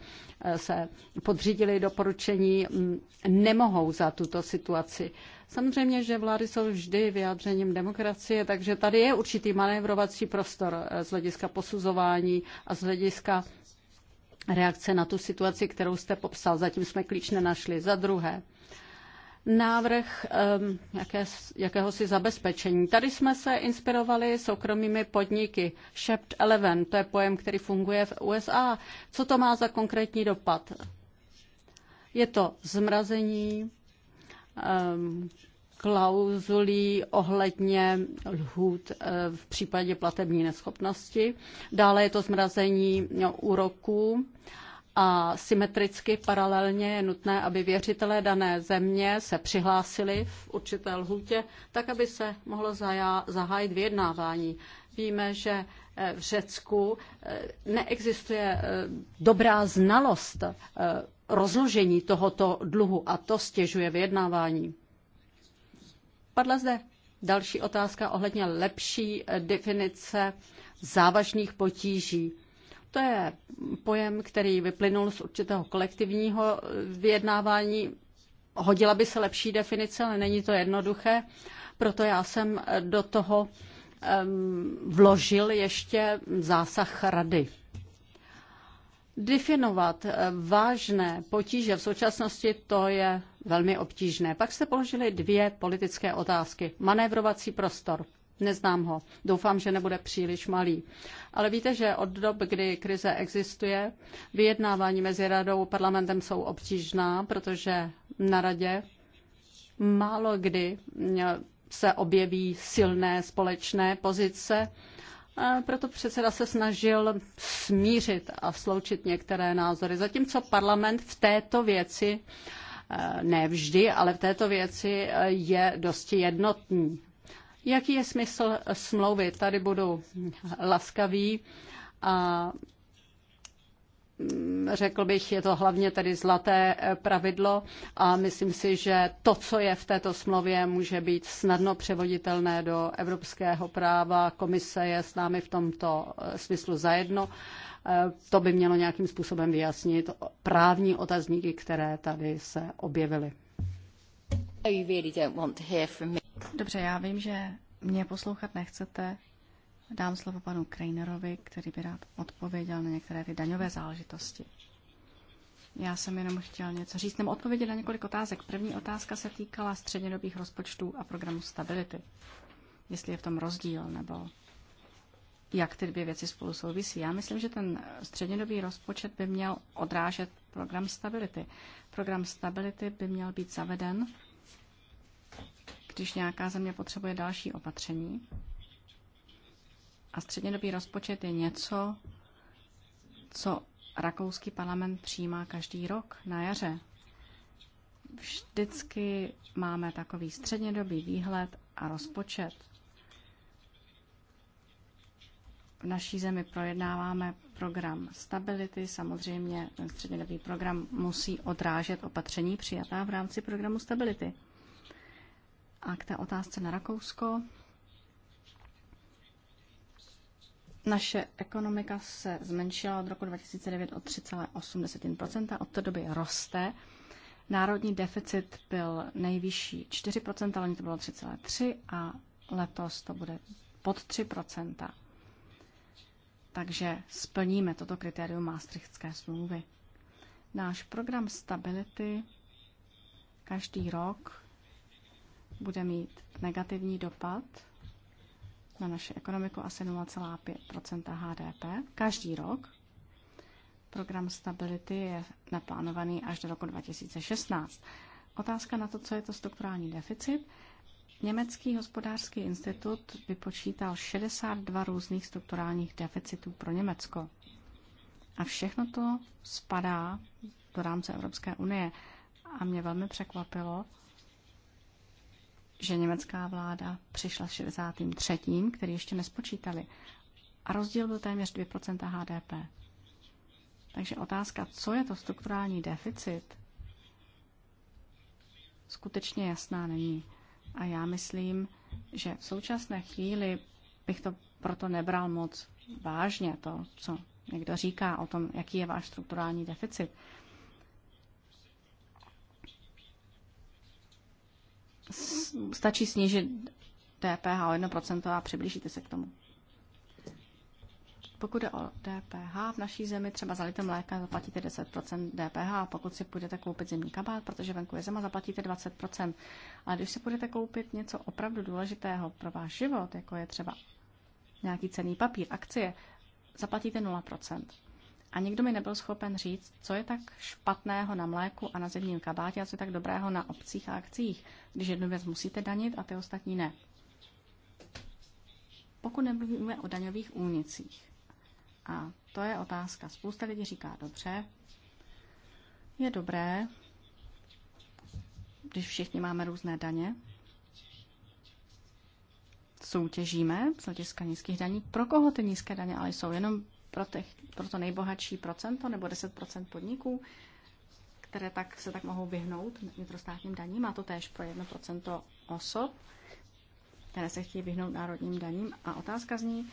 eh, se podřídily doporučení, mm, nemohou za tuto situaci. Samozřejmě, že vlády jsou vždy vyjádřením demokracie, takže tady je určitý manévrovací prostor eh, z hlediska posuzování a z hlediska reakce na tu situaci, kterou jste popsal. Zatím jsme klíč nenašli. Za druhé, návrh um, jaké, jakéhosi zabezpečení. Tady jsme se inspirovali soukromými podniky. Shept Eleven, to je pojem, který funguje v USA. Co to má za konkrétní dopad? Je to zmrazení um, klauzulí ohledně lhůt eh, v případě platební neschopnosti. Dále je to zmrazení no, úroků a symetricky paralelně je nutné, aby věřitelé dané země se přihlásili v určité lhůtě, tak aby se mohlo zahájit vyjednávání. Víme, že eh, v Řecku eh, neexistuje dobrá znalost rozložení tohoto dluhu a to stěžuje vyjednávání. Padla zde další otázka ohledně lepší eh, definice závažných potíží. To je pojem, který vyplynul z určitého kolektivního eh, vyjednávání. Hodila by se lepší definice, ale není to jednoduché. Proto já jsem eh, do toho ehm, vložil ještě zásah rady. Definovat vážné potíže v současnosti to je velmi obtížné. Pak se položily dvě politické otázky. Manévrovací prostor. Neznám ho. Doufám, že nebude příliš malý. Ale víte, že od dob, kdy krize existuje, vyjednávání mezi radou a parlamentem jsou obtížná, protože na radě málo kdy eh, se objeví silné společné pozice. Proto předseda se snažil smířit a sloučit některé názory, zatímco parlament v této věci Eh, ne vždy, ale v této věci eh, je dosti jednotný. Jaký je smysl smlouvy? Tady budu laskavý a Mm, řekl bych, je to hlavně tedy zlaté eh, pravidlo a myslím si, že to, co je v této smlouvě, může být snadno převoditelné do evropského práva. Komise je s námi v tomto eh, smyslu zajedno. Eh, to by mělo nějakým způsobem vyjasnit právní otazníky, které tady se objevily. Oh, Dobře, já vím, že mě poslouchat nechcete, Dám slovo panu Krejnerovi, který by rád odpověděl na některé ty daňové záležitosti. Já jsem jenom chtěl něco říct, nebo odpovědět na několik otázek. První otázka se týkala střednědobých rozpočtů a programu stability. Jestli je v tom rozdíl, nebo jak ty dvě věci spolu souvisí. Já myslím, že ten střednědobý rozpočet by měl odrážet program stability. Program stability by měl být zaveden, když nějaká země potřebuje další opatření, a střednědobý rozpočet je něco, co rakouský parlament přijímá každý rok na jaře. Vždycky máme takový střednědobý výhled a rozpočet. V naší zemi projednáváme program stability. Samozřejmě ten střednědobý program musí odrážet opatření přijatá v rámci programu stability. A k té otázce na Rakousko. Naše ekonomika se zmenšila od roku 2009 o 3,8 od té doby roste. Národní deficit byl nejvyšší 4 ale to bylo 3,3 a letos to bude pod 3 Takže splníme toto kritérium Maastrichtské smlouvy. Náš program stability každý rok bude mít negativní dopad na naši ekonomiku asi 0,5 HDP každý rok. Program stability je naplánovaný až do roku 2016. Otázka na to, co je to strukturální deficit. Německý hospodářský institut vypočítal 62 různých strukturálních deficitů pro Německo. A všechno to spadá do rámce Evropské unie. A mě velmi překvapilo, že německá vláda přišla s 63., který ještě nespočítali. A rozdíl byl téměř 2% HDP. Takže otázka, co je to strukturální deficit, skutečně jasná není. A já myslím, že v současné chvíli bych to proto nebral moc vážně, to, co někdo říká o tom, jaký je váš strukturální deficit. stačí snížit DPH o 1% a přiblížíte se k tomu. Pokud je o DPH v naší zemi, třeba za litr mléka zaplatíte 10% DPH, a pokud si půjdete koupit zimní kabát, protože venku je zima, zaplatíte 20%. Ale když si půjdete koupit něco opravdu důležitého pro váš život, jako je třeba nějaký cený papír, akcie, zaplatíte a nikdo mi nebyl schopen říct, co je tak špatného na mléku a na zemním kabátě a co je tak dobrého na obcích a akcích, když jednu věc musíte danit a ty ostatní ne. Pokud nemluvíme o daňových únicích, a to je otázka. Spousta lidí říká, dobře, je dobré, když všichni máme různé daně, soutěžíme z hlediska nízkých daní. Pro koho ty nízké daně ale jsou? Jenom pro, těch, pro to nejbohatší procento nebo 10% podniků, které tak, se tak mohou vyhnout vnitrostátním daním. Má to též pro 1% osob, které se chtějí vyhnout národním daním. A otázka zní,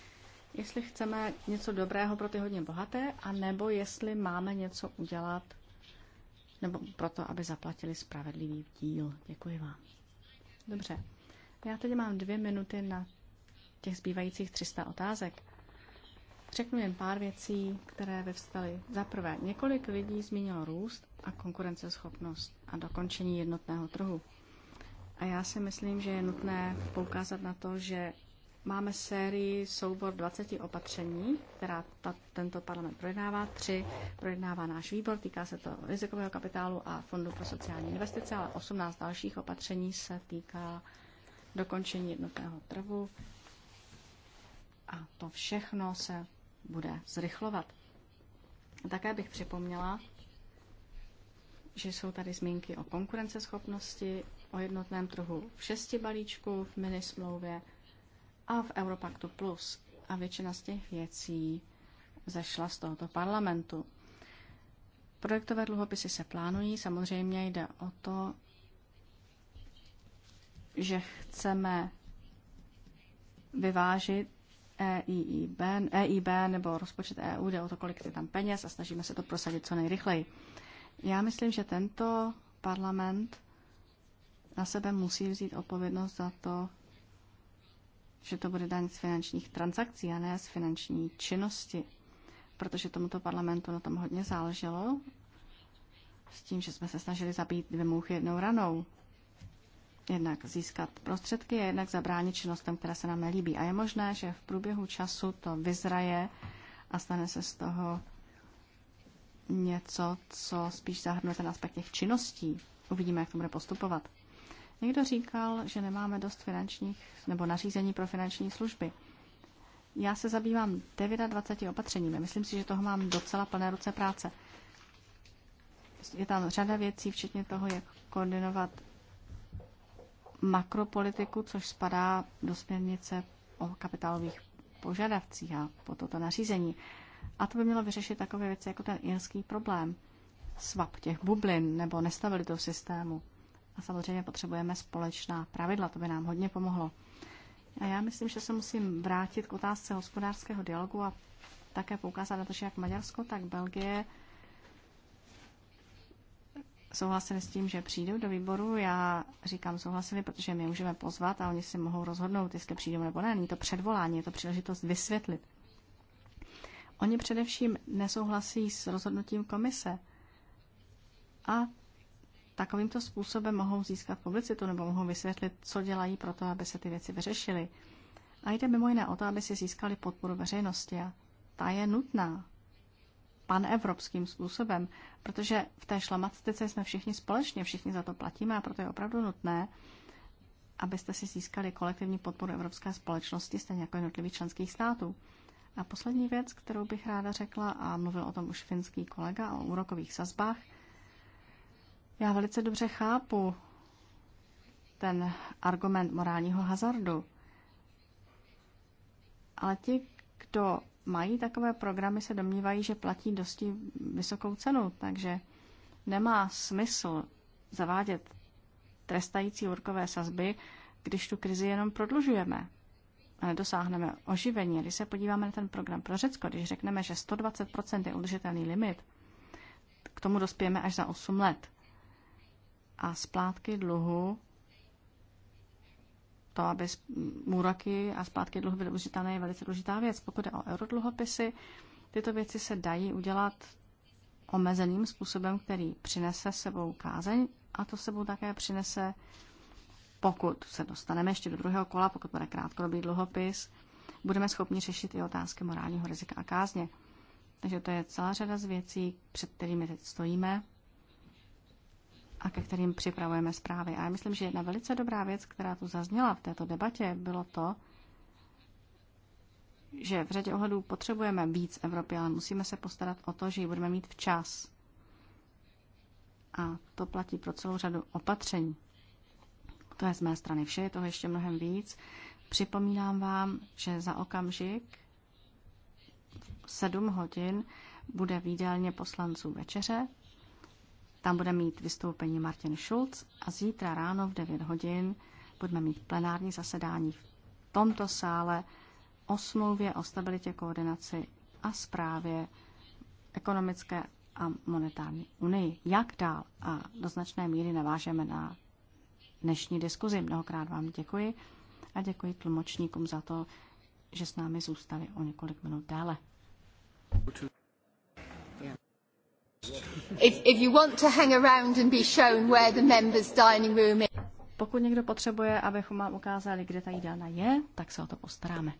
jestli chceme něco dobrého pro ty hodně bohaté, a nebo jestli máme něco udělat nebo proto, aby zaplatili spravedlivý díl. Děkuji vám. Dobře. Já teď mám dvě minuty na těch zbývajících 300 otázek. Řeknu jen pár věcí, které vyvstaly. Za prvé, několik lidí zmínilo růst a konkurenceschopnost a dokončení jednotného trhu. A já si myslím, že je nutné poukázat na to, že máme sérii soubor 20 opatření, která ta, tento parlament projednává. Tři projednává náš výbor, týká se to rizikového kapitálu a Fondu pro sociální investice, ale 18 dalších opatření se týká dokončení jednotného trhu. A to všechno se bude zrychlovat. Také bych připomněla, že jsou tady zmínky o konkurenceschopnosti, o jednotném trhu v šesti balíčku, v minismlouvě a v Europaktu Plus. A většina z těch věcí zašla z tohoto parlamentu. Projektové dluhopisy se plánují, samozřejmě jde o to, že chceme vyvážit EIB, EIB nebo rozpočet EU, jde o to, kolik je tam peněz a snažíme se to prosadit co nejrychleji. Já myslím, že tento parlament na sebe musí vzít odpovědnost za to, že to bude daň z finančních transakcí a ne z finanční činnosti, protože tomuto parlamentu na tom hodně záleželo, s tím, že jsme se snažili zabít dvě mouchy jednou ranou jednak získat prostředky a jednak zabránit činnostem, které se nám nelíbí. A je možné, že v průběhu času to vyzraje a stane se z toho něco, co spíš zahrnuje ten aspekt těch činností. Uvidíme, jak to bude postupovat. Někdo říkal, že nemáme dost finančních nebo nařízení pro finanční služby. Já se zabývám 29 opatřeními. Myslím si, že toho mám docela plné ruce práce. Je tam řada věcí, včetně toho, jak koordinovat makropolitiku, což spadá do směrnice o kapitálových požadavcích a po toto nařízení. A to by mělo vyřešit takové věci jako ten irský problém, svap těch bublin nebo nestabilitu systému. A samozřejmě potřebujeme společná pravidla, to by nám hodně pomohlo. A já myslím, že se musím vrátit k otázce hospodářského dialogu a také poukázat na to, že jak Maďarsko, tak Belgie souhlasili s tím, že přijdou do výboru. Já říkám souhlasili, protože my můžeme pozvat a oni si mohou rozhodnout, jestli přijdou nebo ne. Není to předvolání, je to příležitost vysvětlit. Oni především nesouhlasí s rozhodnutím komise a takovýmto způsobem mohou získat publicitu nebo mohou vysvětlit, co dělají pro to, aby se ty věci vyřešily. A jde mimo jiné o to, aby si získali podporu veřejnosti a ta je nutná panevropským způsobem, protože v té šlamatice jsme všichni společně, všichni za to platíme a proto je opravdu nutné, abyste si získali kolektivní podporu evropské společnosti, stejně jako jednotlivých členských států. A poslední věc, kterou bych ráda řekla, a mluvil o tom už finský kolega, o úrokových sazbách. Já velice dobře chápu ten argument morálního hazardu, ale ti, kdo mají takové programy, se domnívají, že platí dosti vysokou cenu, takže nemá smysl zavádět trestající úrokové sazby, když tu krizi jenom prodlužujeme a nedosáhneme oživení. Když se podíváme na ten program pro Řecko, když řekneme, že 120% je udržitelný limit, k tomu dospějeme až za 8 let. A splátky dluhu to, aby úroky a zpátky dluh byly užitelné, je velice důležitá věc. Pokud je o eurodluhopisy, tyto věci se dají udělat omezeným způsobem, který přinese sebou kázeň a to sebou také přinese, pokud se dostaneme ještě do druhého kola, pokud bude krátkodobý dluhopis, budeme schopni řešit i otázky morálního rizika a kázně. Takže to je celá řada z věcí, před kterými teď stojíme a ke kterým připravujeme zprávy. A já myslím, že jedna velice dobrá věc, která tu zazněla v této debatě, bylo to, že v řadě ohledů potřebujeme víc Evropy, ale musíme se postarat o to, že ji budeme mít včas. A to platí pro celou řadu opatření. To je z mé strany vše, je toho ještě mnohem víc. Připomínám vám, že za okamžik 7 hodin bude výdělně poslanců večeře tam bude mít vystoupení Martin Schulz a zítra ráno v 9 hodin budeme mít plenární zasedání v tomto sále o smlouvě o stabilitě, koordinaci a správě ekonomické a monetární unii. Jak dál? A do značné míry navážeme na dnešní diskuzi. Mnohokrát vám děkuji a děkuji tlumočníkům za to, že s námi zůstali o několik minut dále. If, if you want to hang around and be shown where the members' dining room is. Pokud někdo potřebuje, abychom vám ukázali, kde ta jídelna je, tak se o to postaráme.